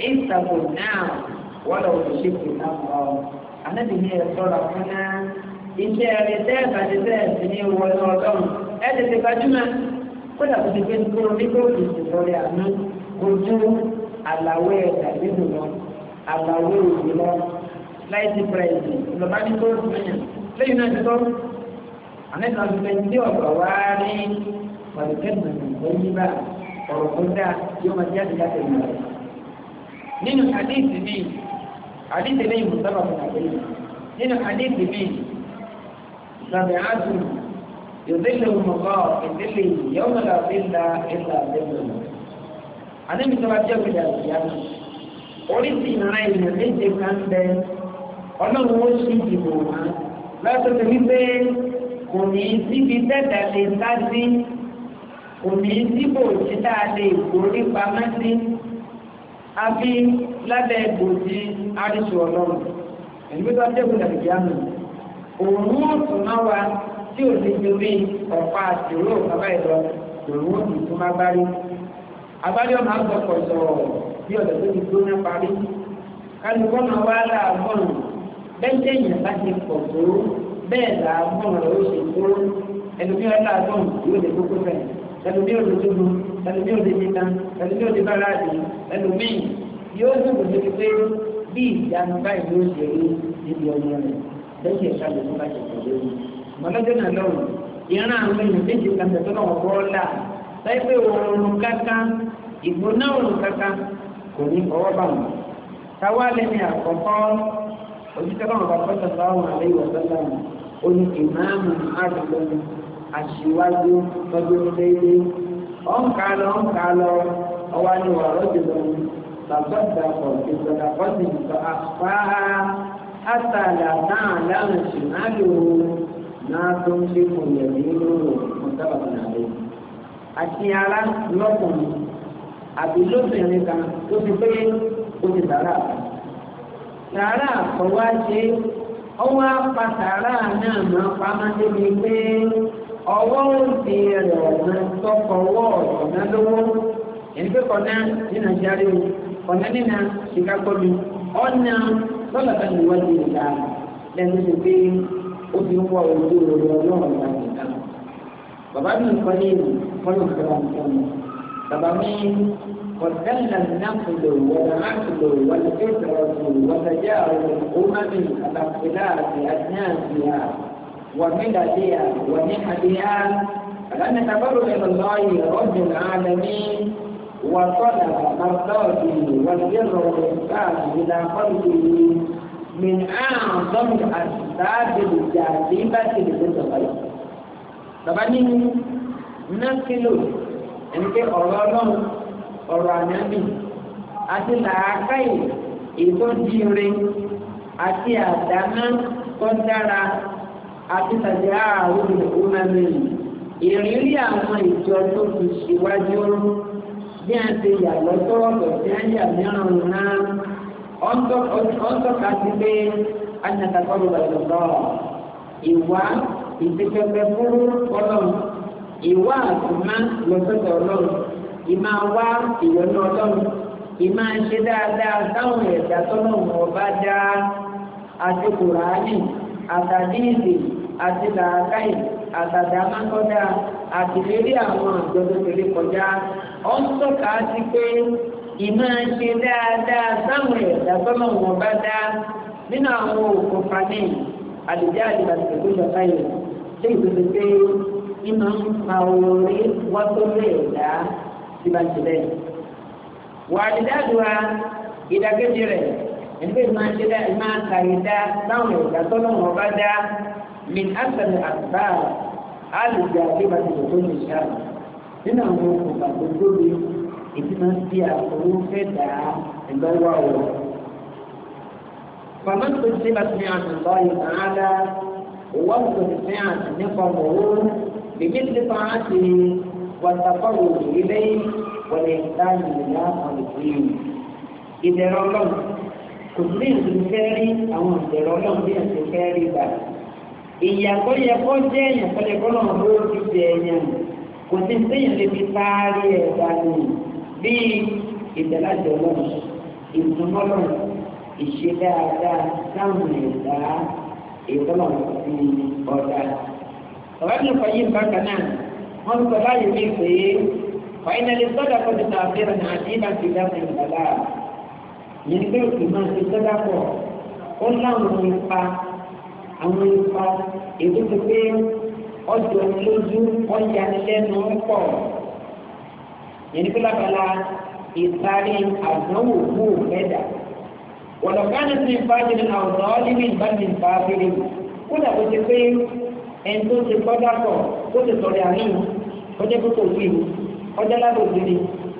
ìtàkù náà wọ́n lọ wò ṣe kù náà pọ̀ àmẹ́bí ní ẹ̀ sọ́ra fún náà iṣẹ́ rẹ̀ tẹ́ ìbàdíṣẹ́ sí ní wọlé ọlọ́run ẹ̀ tètè gbajúmọ̀ kódà kò ti gbé tó oníkóòtù ìtọ́rẹ́ àmú ojú àlàwé ẹ̀dà nínú lọ àlàwé òbí lọ láì ti pẹ̀lẹ̀ ìdí ìlọ́bá ní tó rùn mẹ́yìn lẹ́yìn náà ti tọ́ àmẹ́ta ti fẹ́ tí ọ̀gbà wá ní pàdùkẹ́tì òyìnbá ọ̀rọ̀ tó dáa yóò máa jáde láti ìlú rẹ̀ nínú àdéhìsì mi àdéhìsì lẹ́yìn mùsàlọ̀ fún àgbẹ̀yìn nínú àdéhìsì mi ìsàbẹ̀ àdù yòdélé òmùgọ̀ ìdílé yọ̀ọ́mọ̀lá ìlà ìlà ìlà àdéhìsì wa jẹ́ òkèlè àgbẹ̀yà oríṣi ìran ìrìn méje kan bẹ́ẹ̀ ọlọ́run ó sì dìbò wọn lọ́sọ̀tò wípé kò ní síbi tẹ́tà lè sá sí kò ní síbò tí tá a lè borí pamọ́ sí àfi lábẹ́ ìbòjì àríṣù ọlọ́run ẹ̀mí tó dẹ́kun dàbíyá mi òun ó tún máa wá tí ò ti ju bí ọ̀pá àti òró bàbá ìlọ òun ó tún máa bá rí abájọ máa ń sọkọ̀ sọ̀rọ̀ bí ọ̀dọ̀ tó ti gbóná parí kálukọ́ máa wá láàbọ̀rùn bẹ́ẹ̀ yẹn bá ti pọ̀ tó bẹ́ẹ̀ là á mọ̀ ọ̀rọ̀ ó ṣe tó ẹlòmí ọ̀la àdán yóò lè kókó fẹ̀ ẹlòmí ò lè tóbi ẹlòmí ò lè níta ẹlòmí ò lè bára àdé ẹlòmí yóò lè wò lórí pé bí ìyanu báyìí ló ṣe rí níbi ọmọ rẹ̀ bẹ́ẹ̀ yẹn ká lè fún bàjẹ́ pọ̀ lórí. mọ̀lọ́jọ́ náà lọ́rùn ìran àwọn èèyàn méjì kàtà tó náà wọ́ ọ́lá láì òórùn kankan ìgbóná òjíṣẹ́ báwọn bá fẹ́sẹ̀ báwọn àlẹ́ ìwọ̀sẹ́lá mi ó ní ìmáàmù àdìgbò àṣìwájú tọ́jú déédé ọ̀nkà lọ ọ̀nkà lọ ọwọ́ ni wà lọ́jọ́ lọ bàbá ìdàpọ̀ ìgbàlá pọ́sì ìgbà àpá àtàlà náà láwọn ìṣìnàlò náà tó ń ṣe kò yẹ̀ ní lóòrò mọ̀tàbàbà náà àti ara lọ́kùnrin àbí lóbìnrin kan tó ti pé ó ti dára sàárà àkọ́wá ṣe ọwọ́ apá sàárà náà máa pamọ́ débi pé ọwọ́ òsì rẹ̀ ọ̀nà tọkọ̀wọ́ ọ̀nà lówó ẹni pé kọ́nà nínú járe o kọ́nà nínú ìkákọ́lu ọ̀nà lọ́lọ́ bá ní wájú ìlà lẹ́nu tó pé ó fi ń wọ ojú rẹ̀ ọlọ́run láti ìlà. bàbá mi kọ́ ní ìlú kọ́nà ìjọba nìkan bàbá mi ودل النقل والعقل والفكرة وتجارب الأمم على اختلاف أجناسها ومللها ونحلها فلن تبرر إلى الله رب العالمين وطلب مرضاته والبر والإحسان إلى قلبه من أعظم الأسباب الجاذبة للخير. طبعا نقل أنت أولا ọ̀rọ̀ ànábì àti làákàyè ètò jíire àti àdáná tó dára àti tàbí àwọn ìhùnàmì ìrírí àwọn ìjọ tó fi ṣíwájú bí a ti yà lọ́tọ́ọ̀tọ̀ tí a yà mìíràn náà ọ̀ńtọ́ka sí pé a ní àtàkọ́rọ̀ lọ́tọ̀ ìwà ìdíkẹ́kẹ́ fún ọlọ́run ìwà àtúmá lọ́tọ̀ọ̀tọ̀ ọlọ́run ìmá wá ìyọnu ọlọ́run ìmá ṣe dáadáa táwọn ẹ̀dá tọ́lọ́run ọba dá àti kùránì àtàdíìsì àti làákàyè àtàdámákọ́dá àtìlérí àwọn àjọdọ̀tẹ̀lé kọjá ó ń tọ́ka sí pé ìmá ṣe dáadáa táwọn ẹ̀dá tọ́lọ́run ọba dá nínú àwọn òkùnfà náà àdìjá àdìbà tẹ̀lé ìjọba yẹn lè gbèsè pé ìmọ̀ ń pa orí wọ́n tó lè dá tí bá ń ṣe bẹ́ẹ̀. wà á dídá dùn wa ìdákẹ́jì rẹ̀ ẹgbẹ́ máa ṣe dá máa kàyé dá láwọn ìgbà tó lọ́wọ́ wọn bá dá min asan àgbà alùpùpù àti ìbàdàn tó ní ìṣá nínú àwọn òkùnkà tó tóbi èyí máa ń fi àkóró fẹ́ dá ẹgbẹ́ wà wọ́. فمن كتب سمعة الله تعالى ومن كتب سمعة نقمه بمثل طاعته والتقرب إليه والإحسان إلى خلقه ìdẹ̀rọ ọlọ́run kò sí èsì fẹ́ẹ́rí àwọn ìdẹ̀rọ ọlọ́run bí èsì fẹ́ẹ́rí gbà ìyàtọ̀ yẹ kó jẹ́ èèyàn kọ́lẹ̀ kọ́lọ̀ ló ti jẹ èèyàn kò sí séèyàn lè fi parí ẹ̀ dànù bíi ìdẹ̀lájọ ọlọ́run ìdùnnọ́lọ́run ìṣe dáadáa sáwọn ẹ̀dá ìtọ́lọ́run sí ọ̀dà. ọ̀rọ̀ àti ìfọyín bákan náà wọ́n sọ báyìí ní pé fàìnàlì sọ́dà kọ́ ti ta àfihàn náà ní ìbá ti dá sí ìbàlá yìí pé òkè máa ti sọ́dà pọ̀ ó láwọn ipa àwọn ipa èdè tó pé ọjọ́ lójú ọjà lẹ́nu ń pọ̀ yìí ní pé lábala ìsáré àdánwò kú òfẹ́dà wọ̀lọ̀kánà sí ìbájẹ́ àwùjọ nínú ìbájẹ́ ìbáfẹ́rẹ́ kódà tó ti pé ẹni tó ti kọ́ dà pọ̀ ó ti sọ̀rọ̀ àríyàn kọjá pé kò wí o kọjá lábẹ́ òbí ni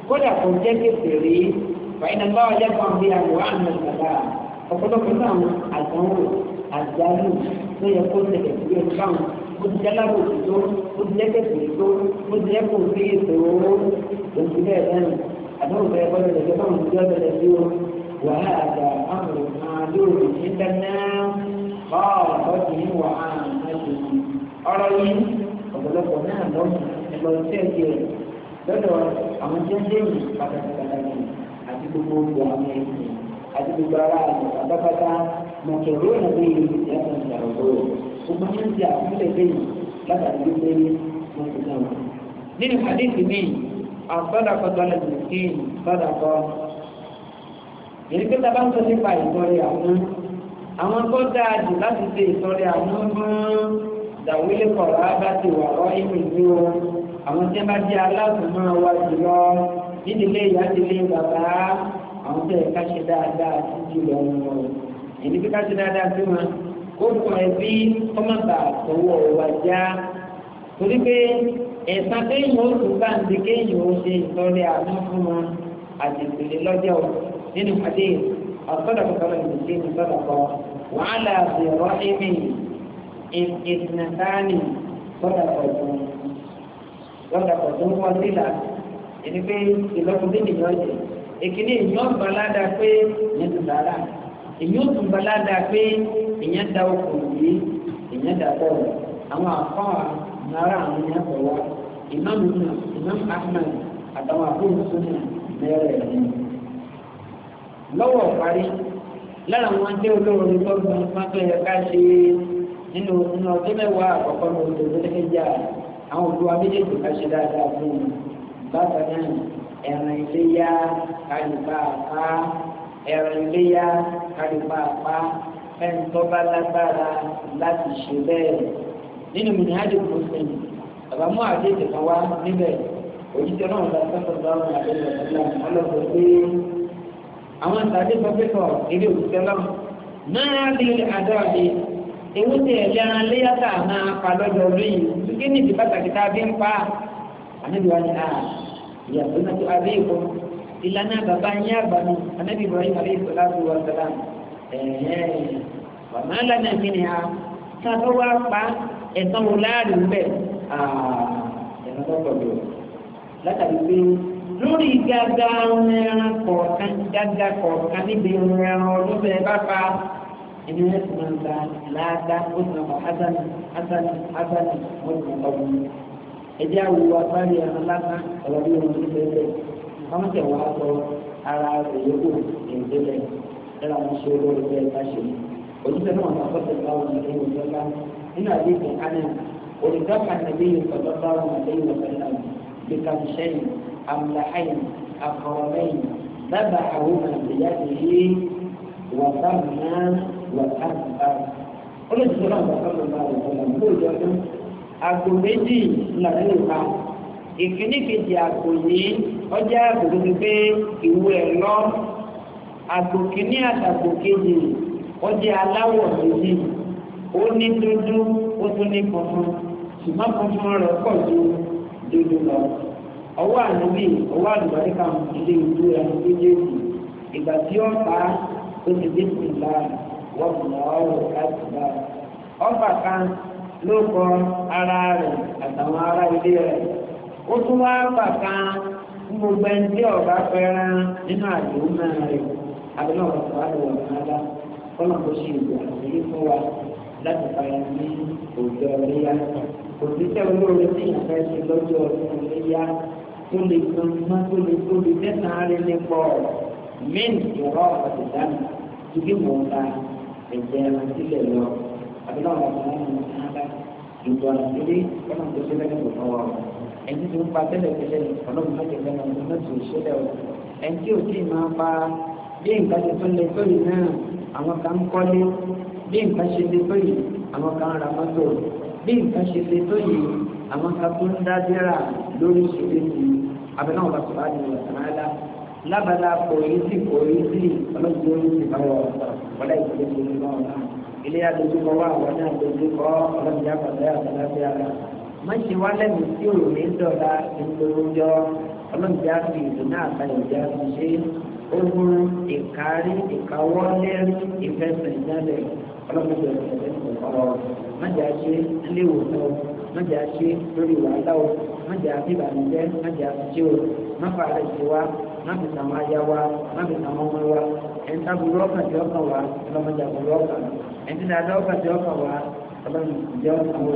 kódà kò jẹ́ kéèké rí fàyínà bá wà jẹ́ fún àbí àwọn àmì ìgbàlá ọ̀pọ̀lọpọ̀ náà àdánwò àdánwò ló yẹ kó tẹ̀lé sí ẹ̀ fáwọn ó ti jẹ́ lábẹ́ òbí tó ó ti jẹ́ kéèké tó ó ti jẹ́ kó fi ètò owó òbí bẹ́ẹ̀ lẹ́nu àdánwò bẹ́ẹ̀ kọ́ tẹ̀lé fáwọn òbí sí o wàhálà àmì ọ̀pọ̀lọpọ̀ náà lọ́mù ẹ̀lọ́ iṣẹ́ ìdíyẹ lọ́dọ̀ àwọn tó ń dẹ́yìn pàtàkì pàtàkì àti gbogbo gbogbo àwọn ẹ̀sìn àti gbogbo ara àlọ́ pátápátá mọ̀kẹ̀rọ ìlú ìyàtọ̀ ìyàwó gbogbo ní ti àkúlẹ̀ dẹ́yìn látàrí gbogbo wọn ti náà. nínú àdéhùn mi àfọdàkọ tó lẹ́nu sí fọdàkọ èyí pé tá a bá ń sọ nípa ìtọ́rẹ àwọn àwọn tó dàwílé kọ̀ọ̀rọ̀ bá ti wà ọ́ ìmì ní o àwọn tí wọ́n bá jẹ́ aláàtúmọ̀ wa jùlọ nídìílé ìyá ìdílé bàbá àwọn tí ẹ̀ka ṣe dáadáa sí jùlọ wọn ẹni bí ká ṣe dáadáa sí wọn kó fún ẹbí kọ́mọ̀bà tọwọ́ wa já torí pé ẹ̀sán kéèyàn ó tún bá ń di kéèyàn ó ṣe ìtọ́lẹ̀ àánú fún wọn àti lọ́jọ́ nínú pàdé ọ̀sọ́dọ̀ kọ̀ọ̀kan ìgbésẹ̀ ìgbésẹ̀ ìdìnnàtàní lọ́dàpọ̀ tó ń wọ́n sílà ẹni pé ìlọ́kùn bí nìyọ́ jẹ èkìní ìyọ́n balada pé ìyẹn tó dára èyí ó balada pé ìyẹn da okùn yìí ìyẹn da bọ́ọ̀lù àwọn àfọ́wà náírà àwọn ìyẹn pọ̀ wá Imam nuna Imam Ahmad àtàwọn àbúrò súnmọ́ mẹ́rẹ̀ ẹ̀ lọ́wọ́ parí lára wọn jẹ́ olóorin tó gbọ́n pátó yẹ ká ṣe é nínú nínú ọjọ́ mẹ́wàá àkọ́kọ́ ní oṣù lẹ́lẹ́kẹ́jà àwọn olùwà méjèèjì ká ṣe dáadáa fún un bákan náà ẹ̀ràn iléyà kálífà pa ẹ̀ràn iléyà kálífà pa fẹ́ńtọ́ba lágbára láti ṣe bẹ́ẹ̀ nínú mìíràn mùsùlùmí àbámọ́ àdéhùn kan wá níbẹ̀ òjijì náà ń lọ sọ́kọ̀ọ́ ọlọ́sọ̀ pé àwọn ìtàgé pé sọ èdè èwo ti ẹ̀lẹ́ ara léyàtà máa pa lọ́jọ́ ọdún yìí kí ni ìdí pàtàkì tá a fi ń pa ànábì wa ni a ah, ìyàtọ̀ náà tó a bí ìkọ́ ìlànà bàbá yín àgbà mi ànábì Ibrahim alayhi salatu wa salam ẹ̀ẹ́n bàmá lánàá mi ni a tá a bá wá pa ẹ̀sán wo láàrin bẹ́ẹ̀ ah, ẹ̀sán tó pọ̀ jù látàrí pé lórí gàgà ẹran kọ̀ọ̀kan gàgà kọ̀ọ̀kan níbi ẹran ọdún bẹ́ẹ̀ bá pa. إن اسم لا لا مذنب حسن حسن حسن مذنب قوي إجاو وصالي يا ملاكا ربيه من سيده فما كان وعطوا على يقول إن دلين إلا مشهده لكي تشري وجدت نوع مصدر الله عليه وسلم إن أبيك الحنم ولكم النبي صلى الله عليه وسلم بكم شيء أملحين أقربين ذبحهما بيده wàtàmà wàtàmà olùsọ̀rọ̀ náà wàtàmà náà wàtàmà lóòjọ́ náà àgbo méjì làbí òkà ìkíní kejì àgbo yìí ọjà àgbo tó pé ìwé ẹ̀ lọ àgbo kíní àtàgbo kejì ọjà aláwọ̀ méjì ó ní dúdú ó tún ní funfun ṣùgbọ́n funfun rẹ̀ pọ̀ ju dúdú lọ ọwọ́ ànábì ọwọ́ àdùbáríkà ilé ìlú ẹ̀ méjèèjì ìgbà tí ó fà á tóbi bíbí bá wọ́n mọ̀ ọ́rọ̀ láti bá ọba kan ló kọ ara rẹ̀ àtàwọn ará ilé rẹ̀ ó tún wá bà kan gbogbo ẹni tí ọba fẹ́ràn nínú àdéhùn náà rẹ̀ àbúrò ọ̀pọ̀ àdéhùn náà dá kọ́nà tó ṣe ìlú àtìlẹ́ fún wa láti fara ní òjò ìléyà òṣìṣẹ́ olóore tí ìyàfẹ́ ṣe lọ́jọ́ ọdún ìléyà tó lè gbọ́n mọ́ tó lè mẹ́ta rẹ̀ min ìwà ọ̀pọ̀tì dání ju bí wọ́n bá ẹ̀jẹ̀ ẹran sílẹ̀ lọ àbílẹ̀ ọ̀rọ̀ ọ̀pọ̀ náà ní sábà ìgbọ̀ àtìlẹ́ ọ̀nà tó ṣe lẹ́yìn tó fọwọ́ ẹni tó ń pa tẹ́lẹ̀ tẹ́lẹ̀ ọlọ́run mẹ́jọ lẹ́nu ọdún mẹ́jọ ìṣẹ̀lẹ̀ o ẹni tí ò tí máa pa bí nǹkan ti tún lẹ sóyè náà àwọn kan ń kọ́lé bí nǹkan ṣe lè sóyè àwọn kan ra mọ́tò bí nǹkan ṣe lè sóyè àwọn kan tó ń dá dẹ́ra lórí ìṣẹ̀lẹ̀ yìí abẹ́náwó bá tó bá lábala kò polisi sí kò yí sí ọlọ́dún yóò sì bá wọn wọlé ìdílé tó ní bá wọn náà ilé adójú kọ wá àwọn náà dojú kọ ọlọ́dún yà pàdé àtàlà bí ara má ṣe wá lẹ́nu tí ò ní dọ̀la ìgbòrúnjọ ọlọ́dún yà fi ìlú náà ta ìjà fi ṣe ogun ìkárí ìkáwọ́ má jẹ́ àṣe lórí wàhálà o má jẹ́ àbíbànújẹ́ má jẹ́ àṣìṣe o má fà á ṣe wá má fi tàwọn aya wa má fi tàwọn ọmọ wa ẹni tá burú ọkàn tí ọkàn wa ọlọ́mọdé àbúrú ọkàn ẹni tí dáadáa ọkàn tí ọkàn wa ọlọ́mọdé ọkàn wa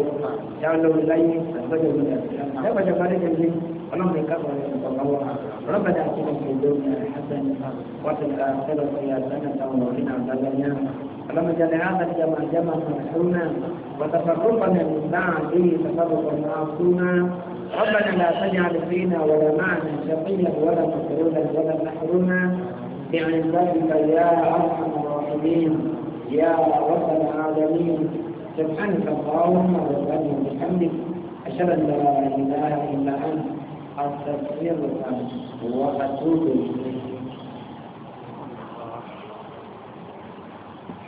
yà ọ lọ́wọ́ láyé àgbẹ̀dẹ̀ òmìnira lẹ́gbẹ̀dẹ̀ bá dẹ́gbẹ̀dẹ̀ اللهم كفر الله ربنا اتنا في الدنيا اللهم اجعل هذا الجمع جمعا مرحوما وتفرقنا من بعده تفرقا معصوما ربنا لا تجعل فينا ولا معنا شقيا ولا مسرودا ولا محروما بعزتك يا ارحم الراحمين يا رب العالمين سبحانك اللهم ربنا بحمدك اشهد ان لا اله الا انت استغفرك واتوب اليك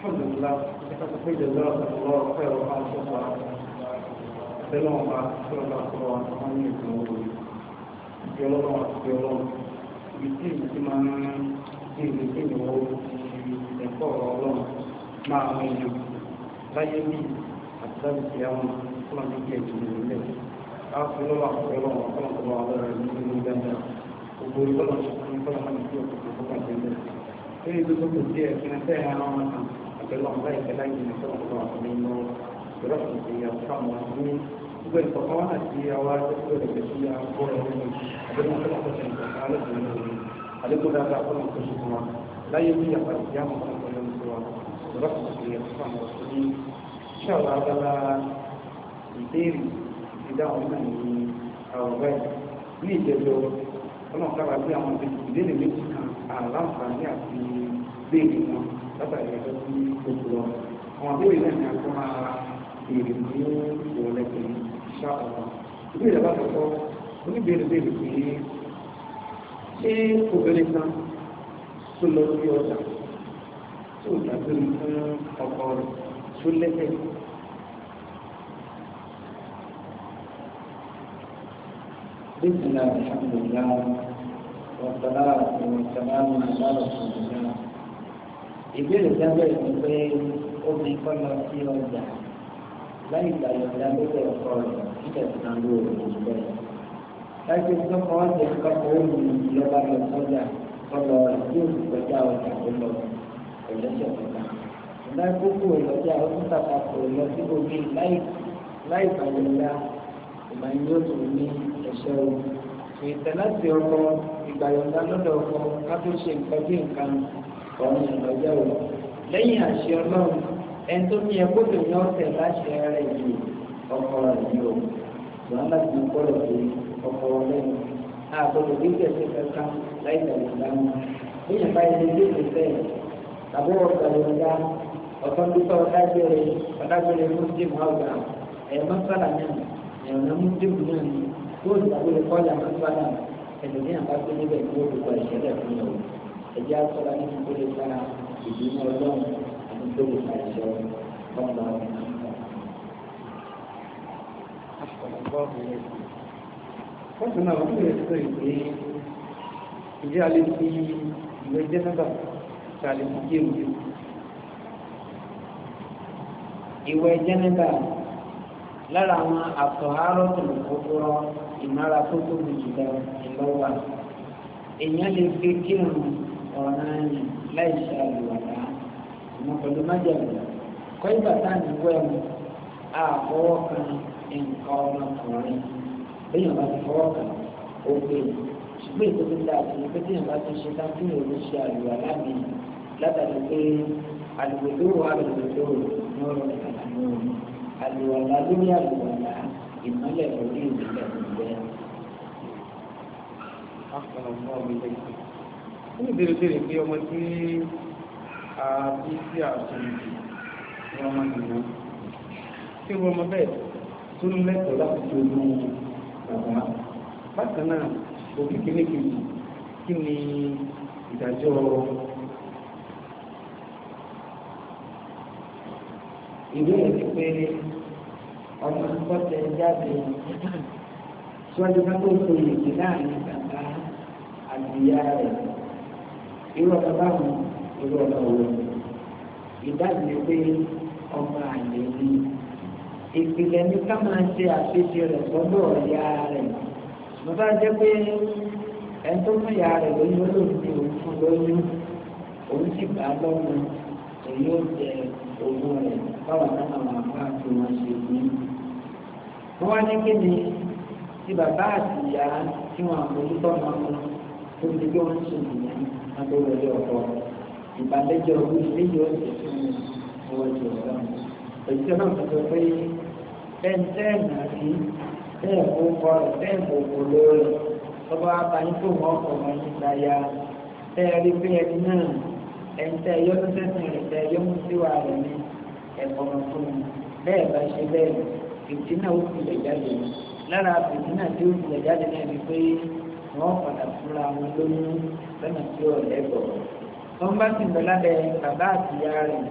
الحمد لله الحمد لله صلى الله خير وعلى الله سلام على رسول الله صلى الله عليه وسلم يلوم يلوم يتيم تمام تيم تيم هو يقول الله ما علينا لا يمي أسباب يوم كلام يجي من الله أصل الله يلوم كلام الله على من الله وقول الله سبحانه وتعالى يقول كلام يجي من الله. إذا كنت تجي أنا سهل أنا pẹ̀lú àwọn láìpẹ́ láyé ní sọ́nà fún àwọn ọmọ inú ìrọ́pù ti yà fún àwọn ọmọ ní gbogbo ìkọ̀kan wà láti àwọn akẹ́kọ̀ọ́ rẹ̀ sí àwọn ọmọ inú àdéhùn fún àwọn ọmọ ìkọ̀kan alẹ́kùn ní orí àdéhùn dáadáa fún àwọn ọmọ ìkọ̀kan láyé ní yàtà ìyá àwọn ọmọ inú wa ìrọ́pù ti yà fún àwọn ọmọ àti béèrè wọn látàrí ẹjọ́ tí gbogbo lọ àwọn àbúrò ilé ní akọ́ máa èrè ní ìwọ lẹ́gbẹ̀ẹ́ ṣá ọ̀rọ̀ ìbéèrè bá tọ̀tọ̀ oníbèrè bèrè pé ṣé obìnrin kan tó lọ sí ọjà tó dàgbére fún ọkọ rẹ̀ tó lẹ́sẹ̀ بسم الله الحمد لله والصلاة والسلام على رسول الله ìbéèrè sábẹ́ ìlú pé obìnrin kọ́ lọ sí ọjà láì gbàyọ̀dá lọ́dọ̀ ọkọ rẹ̀ títẹ̀ san ló òòrùn bẹ́ẹ̀. láti sọ́kọ̀ ọ̀jẹ̀ kọ́kọ́ òòrùn ìjọba lọ sọ́jà kọ́lọ̀ tí ó kọjá ọjà tó lọ ọ̀lẹ́sẹ̀ kọjá. ìgbà gbogbo ìlọ́jà ó tún tàkàkọ̀ lọ sí omi láì gbàyọ̀dá ìgbà yóò tún ní ẹ̀ṣẹ́ o. ìtẹ̀láti ọ̀run ìlọ́jọ́ o lẹ́yìn àṣẹ ọlọ́run ẹni tó ní ẹgbẹ́ òkè ní ọ̀sẹ̀ láṣẹ rẹ̀ yìí ọkọ rẹ̀ yìí o ṣùgbọ́n láti mú kọ́lọ̀ pé ọkọ lẹ́nu àgbọ̀dọ̀ gbígbẹ̀ sí kankan láì tẹ̀lé ìdáná lẹ́yìn báyìí ní ilé ìfẹ́ àbúrò ọ̀gá ọ̀tọ́ pípẹ́ ọ̀dájọ́rẹ́ ọ̀dájọ́rẹ́ mùsùlùmí ọ̀gá ẹ̀rọ sọ́là náà ẹ̀rọ mùsùlùmí náà ni yóò ṣàbúrò kọ́lá mọ́sálà ẹ̀dùnmí àbájọ́ níbẹ̀ yóò fi kọ́ ìṣẹ̀lẹ̀ fún yàwó ẹ̀jẹ̀ àtọ́lá ní kí tó lè fa ìdùnnú ọlọ́run àti tó lè fa ìṣọ́ ọ̀gbà ọ̀gbà. wọ́n tún náà wọ́n tún lè sọ ìpè ìjẹ́ alẹ́ fi ìwé jẹ́ nọ́bà tí a lè fi jẹ́ òjò. ìwé jẹ́ lára àwọn àtọ̀hárọ̀ tó lè kókóró ìmára tó tóbi jù lọ ìlọ́wà èèyàn lè fi kírun ọ̀ràn ẹ̀yìn láì ṣe àlùwàdá ìmọ̀ pẹ̀lú májèlú kọ́ ìgbà táàmì wẹ̀mù àfọwọ́ kan nǹkan ọmọkùnrin bẹ́yìn bá ti fọwọ́ kan ó pè é ṣùgbọ́n ètò tó dáa sí pé tíyẹn bá ti ṣe tán kí yóò lè ṣe àlùwàdá mi látàrí pé àlùwàdó wà àlùwàdó ní ọ̀rọ̀ ìkàlù àlùwàdá lórí àlùwàdá ìmọ̀lẹ̀ ní ìbéèrè pé ọmọ tí a bí sí àṣẹ ìdí ní ọmọ ìlú tí wọ́n ọmọ bẹ́ẹ̀ tó ń lẹ́tọ̀ọ́ láti tó lú bàbá bákan náà òbí kéékèèké kí ni ìdájọ́ ìwé ẹ̀rí pé ọmọ tó jáde síwájú ká tó so ìrètí láàrin bàbá àti rẹ̀ irú ọ̀tá báwọn irú ọ̀tá òwò ìdájọ́ ni pé ọmọ àlè ni ìpìlẹ̀ ní ká máa ṣe àṣejì rẹ̀ gbọ́dọ̀ ìyá rẹ̀ bàbá jẹ́ pé ẹni tó fún ìyá rẹ̀ lóyún olóòtú ni òun fún lóyún òun sì bá lọ́mọ èyí ó jẹ owó rẹ̀ báwọn náà àwọn àbá tí wọ́n ṣe ní. wọ́n wá ní kí ni tí bàbá àti ìyá tí wọ́n àbójútó máa ń lọ tó fi gbé wọn sùn nìyẹn láti wọlé ọkọ ìbàdẹ́jọ́ orí méjì ọ̀sẹ̀ tó ń wọ́n ti ọ̀gá mi. òṣìṣẹ́ náà sọ pé bẹ́ńtẹ́ẹ̀nì àti bẹ́ẹ̀ kó kọ́ rẹ̀ bẹ́ẹ̀ kó kó lórí ọba abayí tó wọ́n kọ̀ wọ́n ní ìdáyà bẹ́ẹ̀ rí pé ẹni náà ẹ̀ńtẹ́ yọ́nú sẹ́sìn rẹ̀ tẹ́ yọ́nú síwá rẹ̀ ní ẹ̀kọ́ wọn fún mi bẹ́ẹ̀ bá ṣe bẹ́ẹ̀ ìtì náà ó fi jáde lára ìtì náà tí ó fi jáde náà ni pé wọ́n padà fúnra wọn lóyún lọ́nà tí ó lẹ́bọ̀. tó ń bá sì lọ lábẹ́ bàbá àti ìyá rẹ̀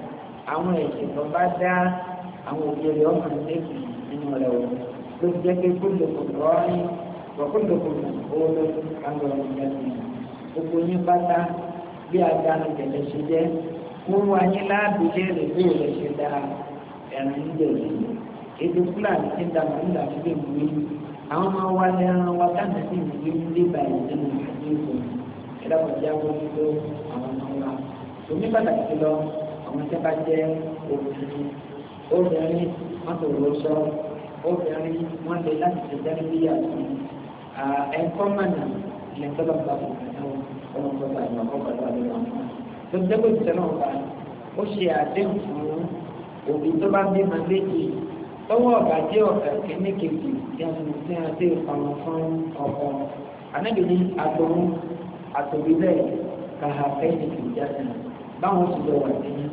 àwọn ẹ̀jẹ̀ tó bá dá àwọn òbí rẹ̀ ọmọ méjì nínú rẹ̀ o ló ti jẹ́ pé kúndùkùn rọ́ọ̀rìn kúndùkùn òòlù àwọn ọ̀rọ̀ ìjọba gbogbo yín pátá bí agbára tẹ̀lé ṣe jẹ́ wọ́n wá yín láàbì léèrè bí òòlù ṣe dá ẹ̀rìn ń dẹ̀ ètò fúlàní ti dàgbà nígbà tó lè mú yín àwọn máa wá ní ara wa káàdì sí ìdílé nílé báyìí nínú àti ìfò ẹ̀dá kọjá wọn tó àwọn máa wá. omi pàtàkì lọ àwọn tẹ́ bá jẹ́ obìnrin obìnrin wọn tó lọ sọ obìnrin wọn lè láti ṣe dárí bí àti ẹ̀kọ́ mọ̀nà ilẹ̀ tọ́lọ̀ bá wọn kàdáwọ̀ ọmọ tó bá ìwà kọ́ pẹ̀lú àlọ́ wọn. tó dẹ́gbẹ̀ẹ́ tẹ̀lé ọ̀gá ó ṣe àdéhùn fún òbí tó bá bí màá tọwọ́ ọ̀bàjẹ́ ọ̀tà kẹ́míkèjì yẹnu tí a ti pàmò fún ọkọ anábì ní agbóhùn àtòbílẹ̀ kàhà fẹ́ẹ̀lì kìí jáde náà báwọn ti lọ wà ní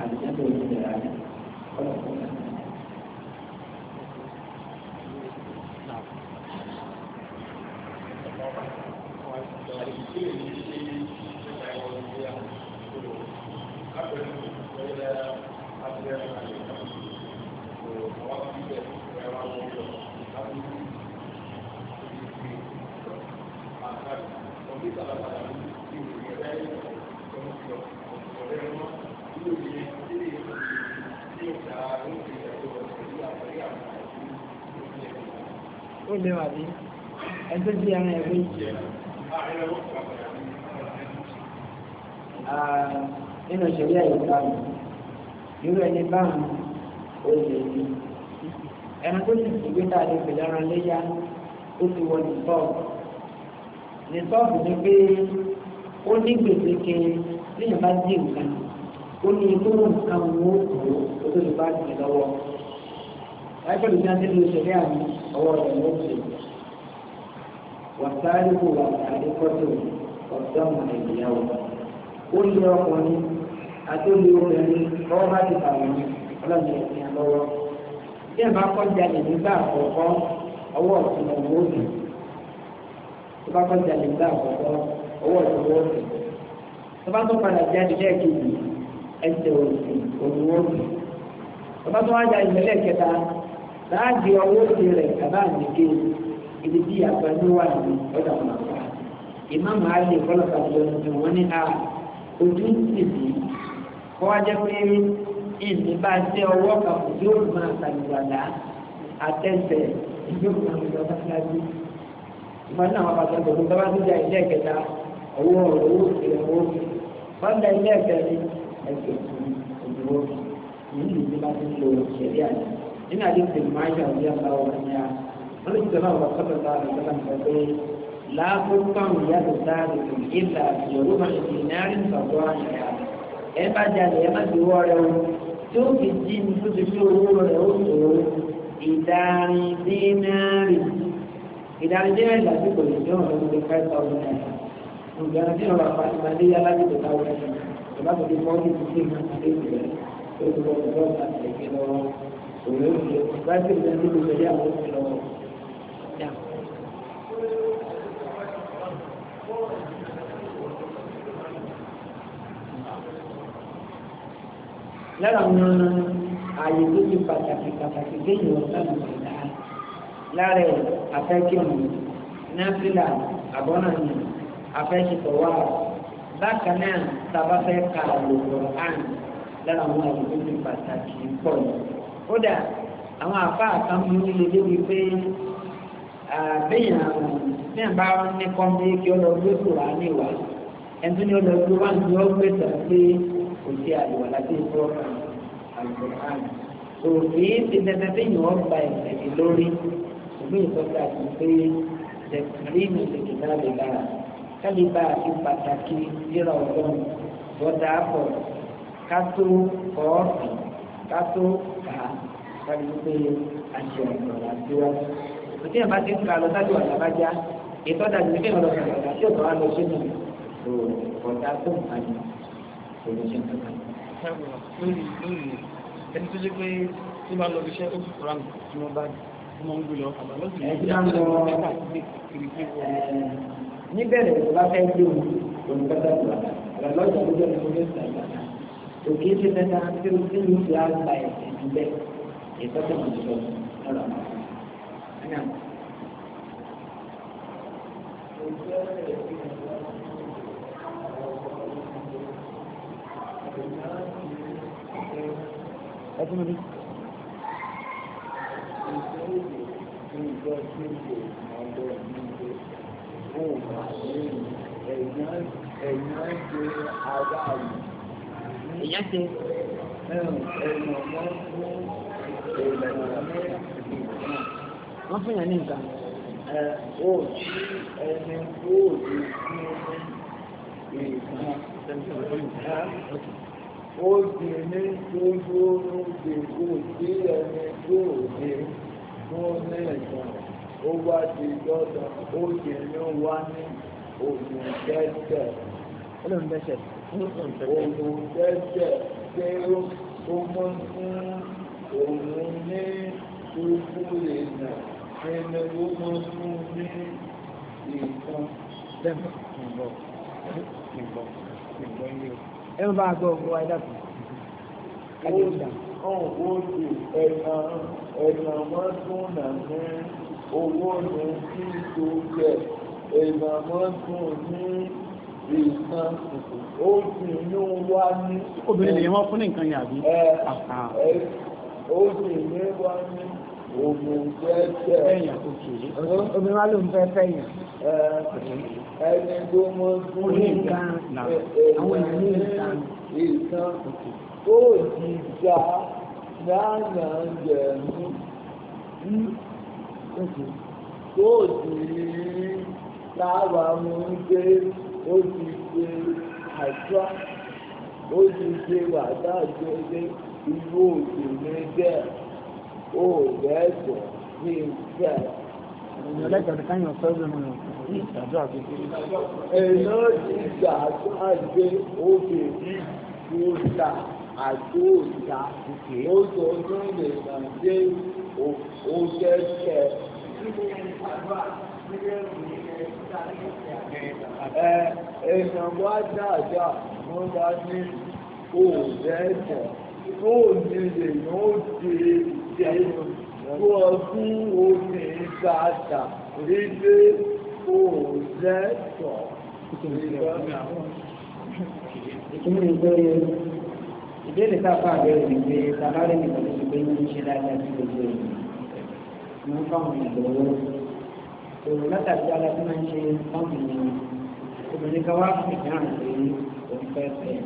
àdìjáde òṣèlú rẹ̀ ọlọ́pàá lẹ́wà bí ẹni tó jí ẹran ẹgbẹ́ nínú ìṣẹ̀lẹ̀ ìgbà mi irú ẹni báwọn ó lè ní ẹran tó sì ti gbé dáadé pẹ̀lú ara léyà ó ti wọ nìtọ́ọ̀bù nìtọ́ọ̀bù ni pé ó ní gbèdéke níyàn bá dín nǹkan ó ní inú nǹkan wo kò ó tó lè bá jù lọ́wọ́ láìpẹ́lú ní adé ló ṣe ní àmì ọwọ́ rẹ̀ ló ṣe wàtáàrí kò wà àdékọ́tò ọ̀dọ́mọ̀ ìyàwó ó lé ọkùnrin àti ó lé obìnrin lọ́wọ́ bá ti bàwọ̀ ní ọlọ́mọ ìyàn lọ́wọ́ bí ẹ̀ bá kọjá lè nígbà àkọ́kọ́ ọwọ́ ọ̀tún ọ̀wọ́ òbí tó bá kọjá lè nígbà àkọ́kọ́ ọwọ́ ọ̀tún ọ̀wọ́ òbí tó bá tó padà jáde lẹ́ẹ̀kejì ẹsẹ̀ òsì òwúwọ́ òbí tó bá tó wájà ìmẹ́lẹ̀ kẹta láàdì ọwọ́ ti rẹ̀ kàbá àdìgé ibi tí àgbà ní wà ní ọjà ọ̀nàfà ìmáàmù àlè kọlọ́kà tó ń bẹ̀ wọ́n ní a ojú ń sì sí kọ́ wá jẹ́ pé ìní bá jẹ́ ọwọ́ kan kò yóò máa tàbíwàdà àtẹ̀sẹ̀ yóò máa lọ bá síláàbí. ìmọ̀ náà wọ́n bá tọ́ gbogbo bá bá tó jà ilé ẹ̀kẹta owó ọ̀rọ̀ owó ìrẹ̀ owó fọ́ńdà ilé ẹ̀kẹrin ẹ̀kẹ́ tó ń lo ìṣẹ̀lẹ̀ ina jin tilmashi a wajen bawa wani ya wani su zama wa kasa da ala kalan kafe lafukan ya su ta da su illa yorùbá ìdínarin sọ̀tọ́ àyà ẹ bá jalè ẹ má ti wọ́ rẹ o tí ó fi jí ní tó ti fi owó rẹ ó tó ìdarin dínárì ìdarin dínárì lásìkò ìjọba ọdún five thousand naira ìgbàlódé tí wọn bá fa ìgbàlódé yálà ní ìgbà wọn ìgbà tó ti fọ́ọ́kì tó ti máa ń ṣe ìgbà tó ti bọ̀ ọ̀dọ́ àti ẹ̀kẹ́ lọ́wọ́ òun yóò jẹ láti ìlú ẹni tó gbẹdẹ àwọn òfin lọ́wọ́. lára àwọn ààyè tó ti pàtàkì pàtàkì lẹ́yìn ọ̀sán ìgbàlá lára àfẹ́kẹ́mù náfìlà àbọ́nàmì àfẹ́sìtọ̀wà bákan náà tábàfẹ́ ka àlòkọ̀ àn lára àwọn àyè tó ti pàtàkì pọ̀ yìí kódà àwọn àfa àkàn mú nílé débi pé àbẹ̀yàn bẹ́ẹ̀ bá ní kọ́ńdé kí ó lọ gbé kùrà ní ìwà ẹni tó ní ó lọ gbé wá ní ó gbé tàn pé kò sí àlùwà láti ìfọ́ àlùkòrán òbí ti dandan bẹ́yìn wọ́n gba ẹ̀sẹ̀ lórí òbí ìtọ́jú àti pé tẹ̀sílíìmù ìdìbò náà lè lára kálíbà àti pàtàkì ìrọ̀ ọlọ́run bọ́dà pọ̀ ká tó kọ́ ọ̀sán ká tó kà á kábi wípé àṣẹ àgbàlá tó wá. òtí ẹ̀ bá ti ń ka lọ sáájú àlàbájá ìtọ́jà ní kí ìrọ̀lọ́ kan àgbàlá tí òtọ́ á lọ sínú ọ̀dà tó ń pa ní olùṣẹ́ kankan. lórí lórí ẹni tó ṣe pé tí bá lọ bí iṣẹ́ ó fẹ́ gbé òun òun kẹta tó wà lọ́jọ́ ìgbẹ́jọ́ ni mo fẹ́ sàgbà òkè ṣe mẹ́ta tí o ti ń fi àgbà ẹ̀sìn níbẹ̀ ìtọ́jú ìjọ lọ́rọ̀ Ẹ̀fún mi. Ẹ̀yán ṣe ara èèyàn ṣe. wọ́n fún yàn ní nǹkan. òòjì ẹni òòjì tí ó ní ìgbà òòjì ní gbogbo òòjì òòjì ẹni òòjì tó ní ìgbà ó wá di lọ́dọ̀ òòjì ni ó wá ní òòjì kẹ́kẹ́. ó lè ń bẹ́sẹ̀ sí olùdẹ́jẹ̀ pé ó mọ́ fún òun ní gbogbo ìrìnà ẹni ó mọ́ fún ní ìkan. Ẹ bá gbọ́ ọgbọ́ àìdàpù. Owó ti ẹ̀nà ẹ̀nà mọ́tún nà ní owó ní kí tó jẹ ẹ̀nà mọ́tún ní nǹkan ó ti inú wá ní. obìnrin lè wọ́n fún nǹkan yàbí. ó ti inú wá ní òun fẹ́fẹ́. obìnrin wá ló ń fẹ́fẹ́ yàn. ẹni tó mọ fún nǹkan àwọn èèyàn ní nǹkan. nǹkan ó ti já náà jẹ̀mú. Tó ti rí lára mú dé ó ti ṣe àjọ ó ti ṣe wàdá àjọyé ìlú òṣèlú ẹgbẹ́ ó lẹ́ẹ̀kọ́ ní ìfẹ́. Èèyàn ti gbà tó àgbé obìnrin tí ta àti òòta ó sọ ọdún lè nà dé òjẹ́kẹ́ èèyàn wá dáadáa wọ́n bá ní òòrẹ́ ẹ̀sẹ̀ tó ní lè yàn ó di ìjẹun tó ọdún omi ìgbàdà rí pé òòrẹ́ ẹ̀sọ̀ ìbéèrè sáfà bẹ̀rẹ̀ ní pé sábà rẹ̀ nìkan ló ti gbé ní ṣe dáadáa sí gbogbo ènìyàn. Mo ń fáwọn òun látàrí ara tí wọ́n ń ṣe fáwọn ènìyàn obìnrin kan wá ìdáhùn pé òun fẹ́ fẹ́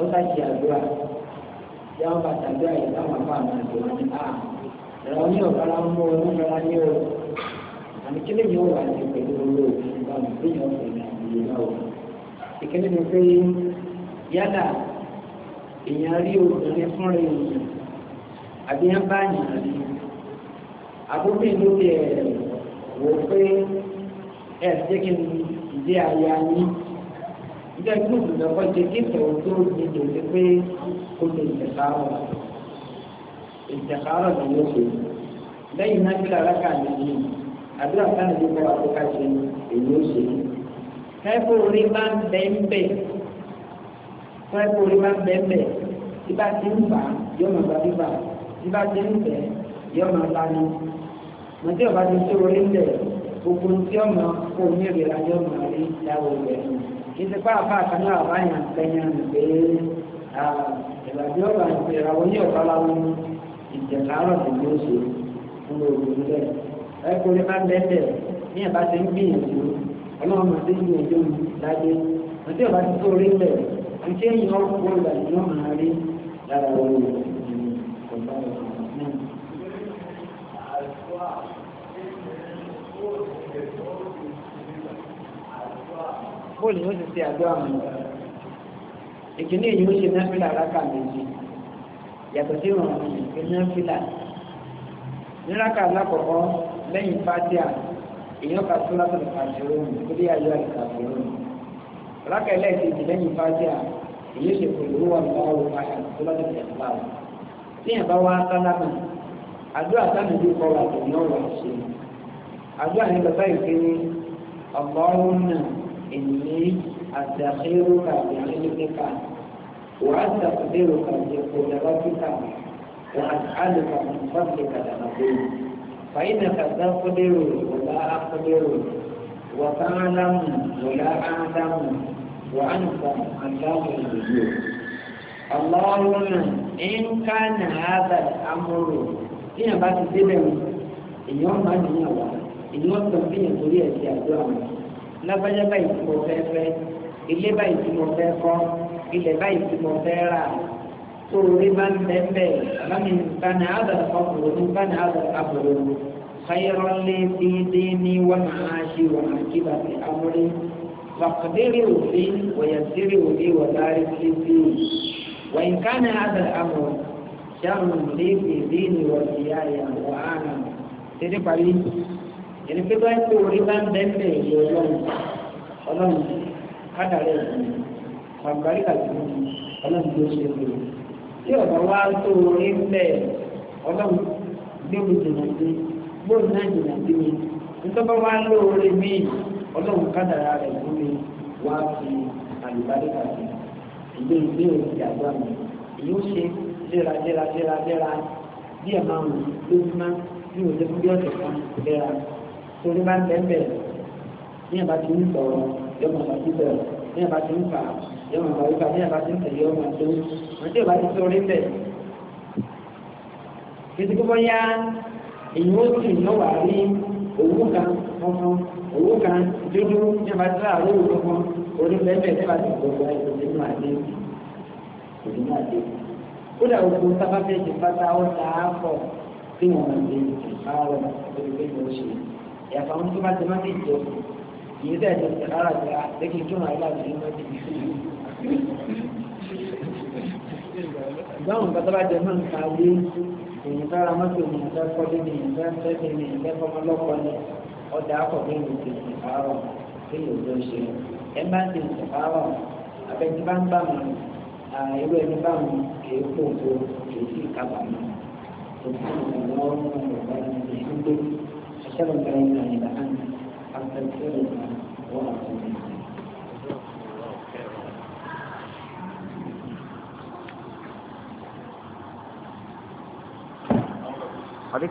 ó sáàjì àdúrà yá wọn bàtà àdúrà yìí táwọn àbá àmà àdúrà ní à ẹ̀rọ ní ọ̀kára ń mú ọdún lọ́la ní o àmì kí lèyìn ó wà ní pẹ̀lú owó òfin báwọn ìpínlẹ̀ ọ̀sẹ̀ ìlú náà wò ìkíní ni pé yálà èèyàn rí obìnrin fúnra èèyàn àbí yẹn bá yàn rí àbúrò ìlú bẹ̀rẹ̀ wò ó pé ẹ ṣé kí n dé aya yín ilé gúúsù lọ́kọ́ ṣe kí ìfẹ̀wò tó di dòde pé kó lè ìtẹ̀kárọ̀ ìtẹ̀kárọ̀ ló ń ṣe lẹ́yìn náà kí lára kà ní yìí àdúrà sáà ní kọ́ àkókò ṣe èyí ó ṣe. kẹ́kọ̀ọ́ orí máa ń bẹ́ ń bẹ̀ kẹ́kọ̀ọ́ orí máa ń bẹ́ ń bẹ̀ tí ti ń bà yọ̀ọ̀ máa bíbà tí ti ń bẹ̀ yọ̀ọ̀ máa ní mọ̀tí ọ̀bá ti tó orí ń bẹ̀ gbogbo tí ọmọ kó ní ìrìnà yóò mọ̀ rí dáwọ́ rẹ̀ ìdí pàápà àkànná àbáyàn pẹ̀yàn pé ìrìnàjò ọ̀bà ìrìnàwó ní ọ̀bá láwọn ìjẹ̀kárọ̀ tó ló ṣe fún òògùn bẹ́ẹ̀ ẹ̀kọ́ ní bá bẹ́ẹ̀ ní ẹ̀bá ti ń gbìyànjú ọlọ́run àti ẹ̀yìn bóòlù yóò ti ṣe àdúrà mọ́ ìkíní èyí ó ṣe náfìlà rákà méjì yàtọ̀ sí ìrọ̀rùn ìpè náfìlà níraka alákọ̀ọ́kọ́ lẹ́yìn fátíà èèyàn kà tó látọ̀ kàfíròn lórí ayé àkàfíròn rákà ẹlẹ́ẹ̀kejì lẹ́yìn fátíà èyí ṣe kò lówó àwọn ọmọ ayà tó látọ̀ kàfíròn tí yẹn bá wá sálámà àdúrà sáà nìyí kọ́ wa tòun náà wà ṣe àdúrà ní bàbá ìpè ní ọgọ́rùn-ún ènìyàn àdàkérò kàbí àdéhùnká wà á sàkóbèrò kàbí kòdàbà kíkà wà á àlùkà nípàdé kàdàbà bẹ́ẹ̀. فإنك تقدر ولا أقدر وتعلم ولا أعلم وأنت علام الغيوب اللهم إن كان هذا الأمر إن بس دلم يوم أن يوم ìlú wọn sọ fún yẹn torí ẹsẹ àdúrà wọn lábájá báyìí tí mo fẹ́ fẹ́ ilé báyìí tí mo fẹ́ kọ́ ilẹ̀ báyìí tí mo fẹ́ rà tó orí bá ń bẹ́ẹ̀ bẹ́ẹ̀ bá mi bá ní àdàlù ọkùnrin bá ní àdàlù àbúrò خيرا لي في ديني ومعاشي وعاقبة أمري فاقدره لي ويسره لي وبارك لي فيه وإن كان هذا الأمر شر لي في ديني ودياي وأنا تدري yẹn pé bá ń pè orí bá ń bẹ́ẹ̀ yọ ọlọ́run ọlọ́run kádàrẹ́ ìlú àgbárí àti ọlọ́run tó ṣe lò tí ọ̀gá wa tó orí ń bẹ́ẹ̀ ọlọ́run gbé mi jìnnà sí gbóòdù náà jìnnà sí mi nítorí wá ló orí mi ọlọ́run kádàrá rẹ̀ fún mi wá fi àlùbárí àti ìgbé ìgbé òsì àgbà mi èyí ó ṣe léra léra léra léra bí ẹ̀ máa wù lójúmọ́ bí òjò fún bí ọ̀sẹ̀ kan léra torí máa ń tẹ́ńbẹ̀ ní ẹ̀bá ti ń sọ̀rọ̀ yóò máa bàtí bẹ̀rẹ̀ ní ẹ̀bá ti ń fà yóò máa bàtí bá ní ẹ̀bá ti ń tẹ̀lé yóò máa wọ́n tí ò bá ti sọrí bẹ̀. títí kó bọ́yá èyí ó sì ń òwú kan funfun òwú kan dúdú ní ẹ̀bá ti láàárọ̀ òwú funfun orí bẹ́ẹ̀ ní ẹ̀bá ti gbogbo ẹ̀kọ́ nínú àdé nínú àdé. kódà òkú ó ta á pọ̀ yàtọ̀ àwọn tó bá ti máa ń tètè ọ ìyẹn tẹ̀ tó tẹ̀ lára gba lẹ́kìn tó máa yára lórí máa tètè sí i. ìdáhùn nǹkan tó bá jẹ náà ń ka wé èyàn tó ra mọ́tò ní ìfẹ́ kọ́lé ní ìfẹ́ tẹ́tẹ́ ní ìfẹ́ fọmọlọ́kọ́ ní ọ̀dà akọ̀gbẹ́ ní ìfẹ́ ìfàárọ̀ tí yóò tó ṣe ẹ bá ń tètè ìfàárọ̀ abẹ́tí bá ń bá mi irú ẹni bá mi kìí kó o kìí sí ìkábàámọ̀. شر البعيد الى ان أستغفرك وأتوب إليك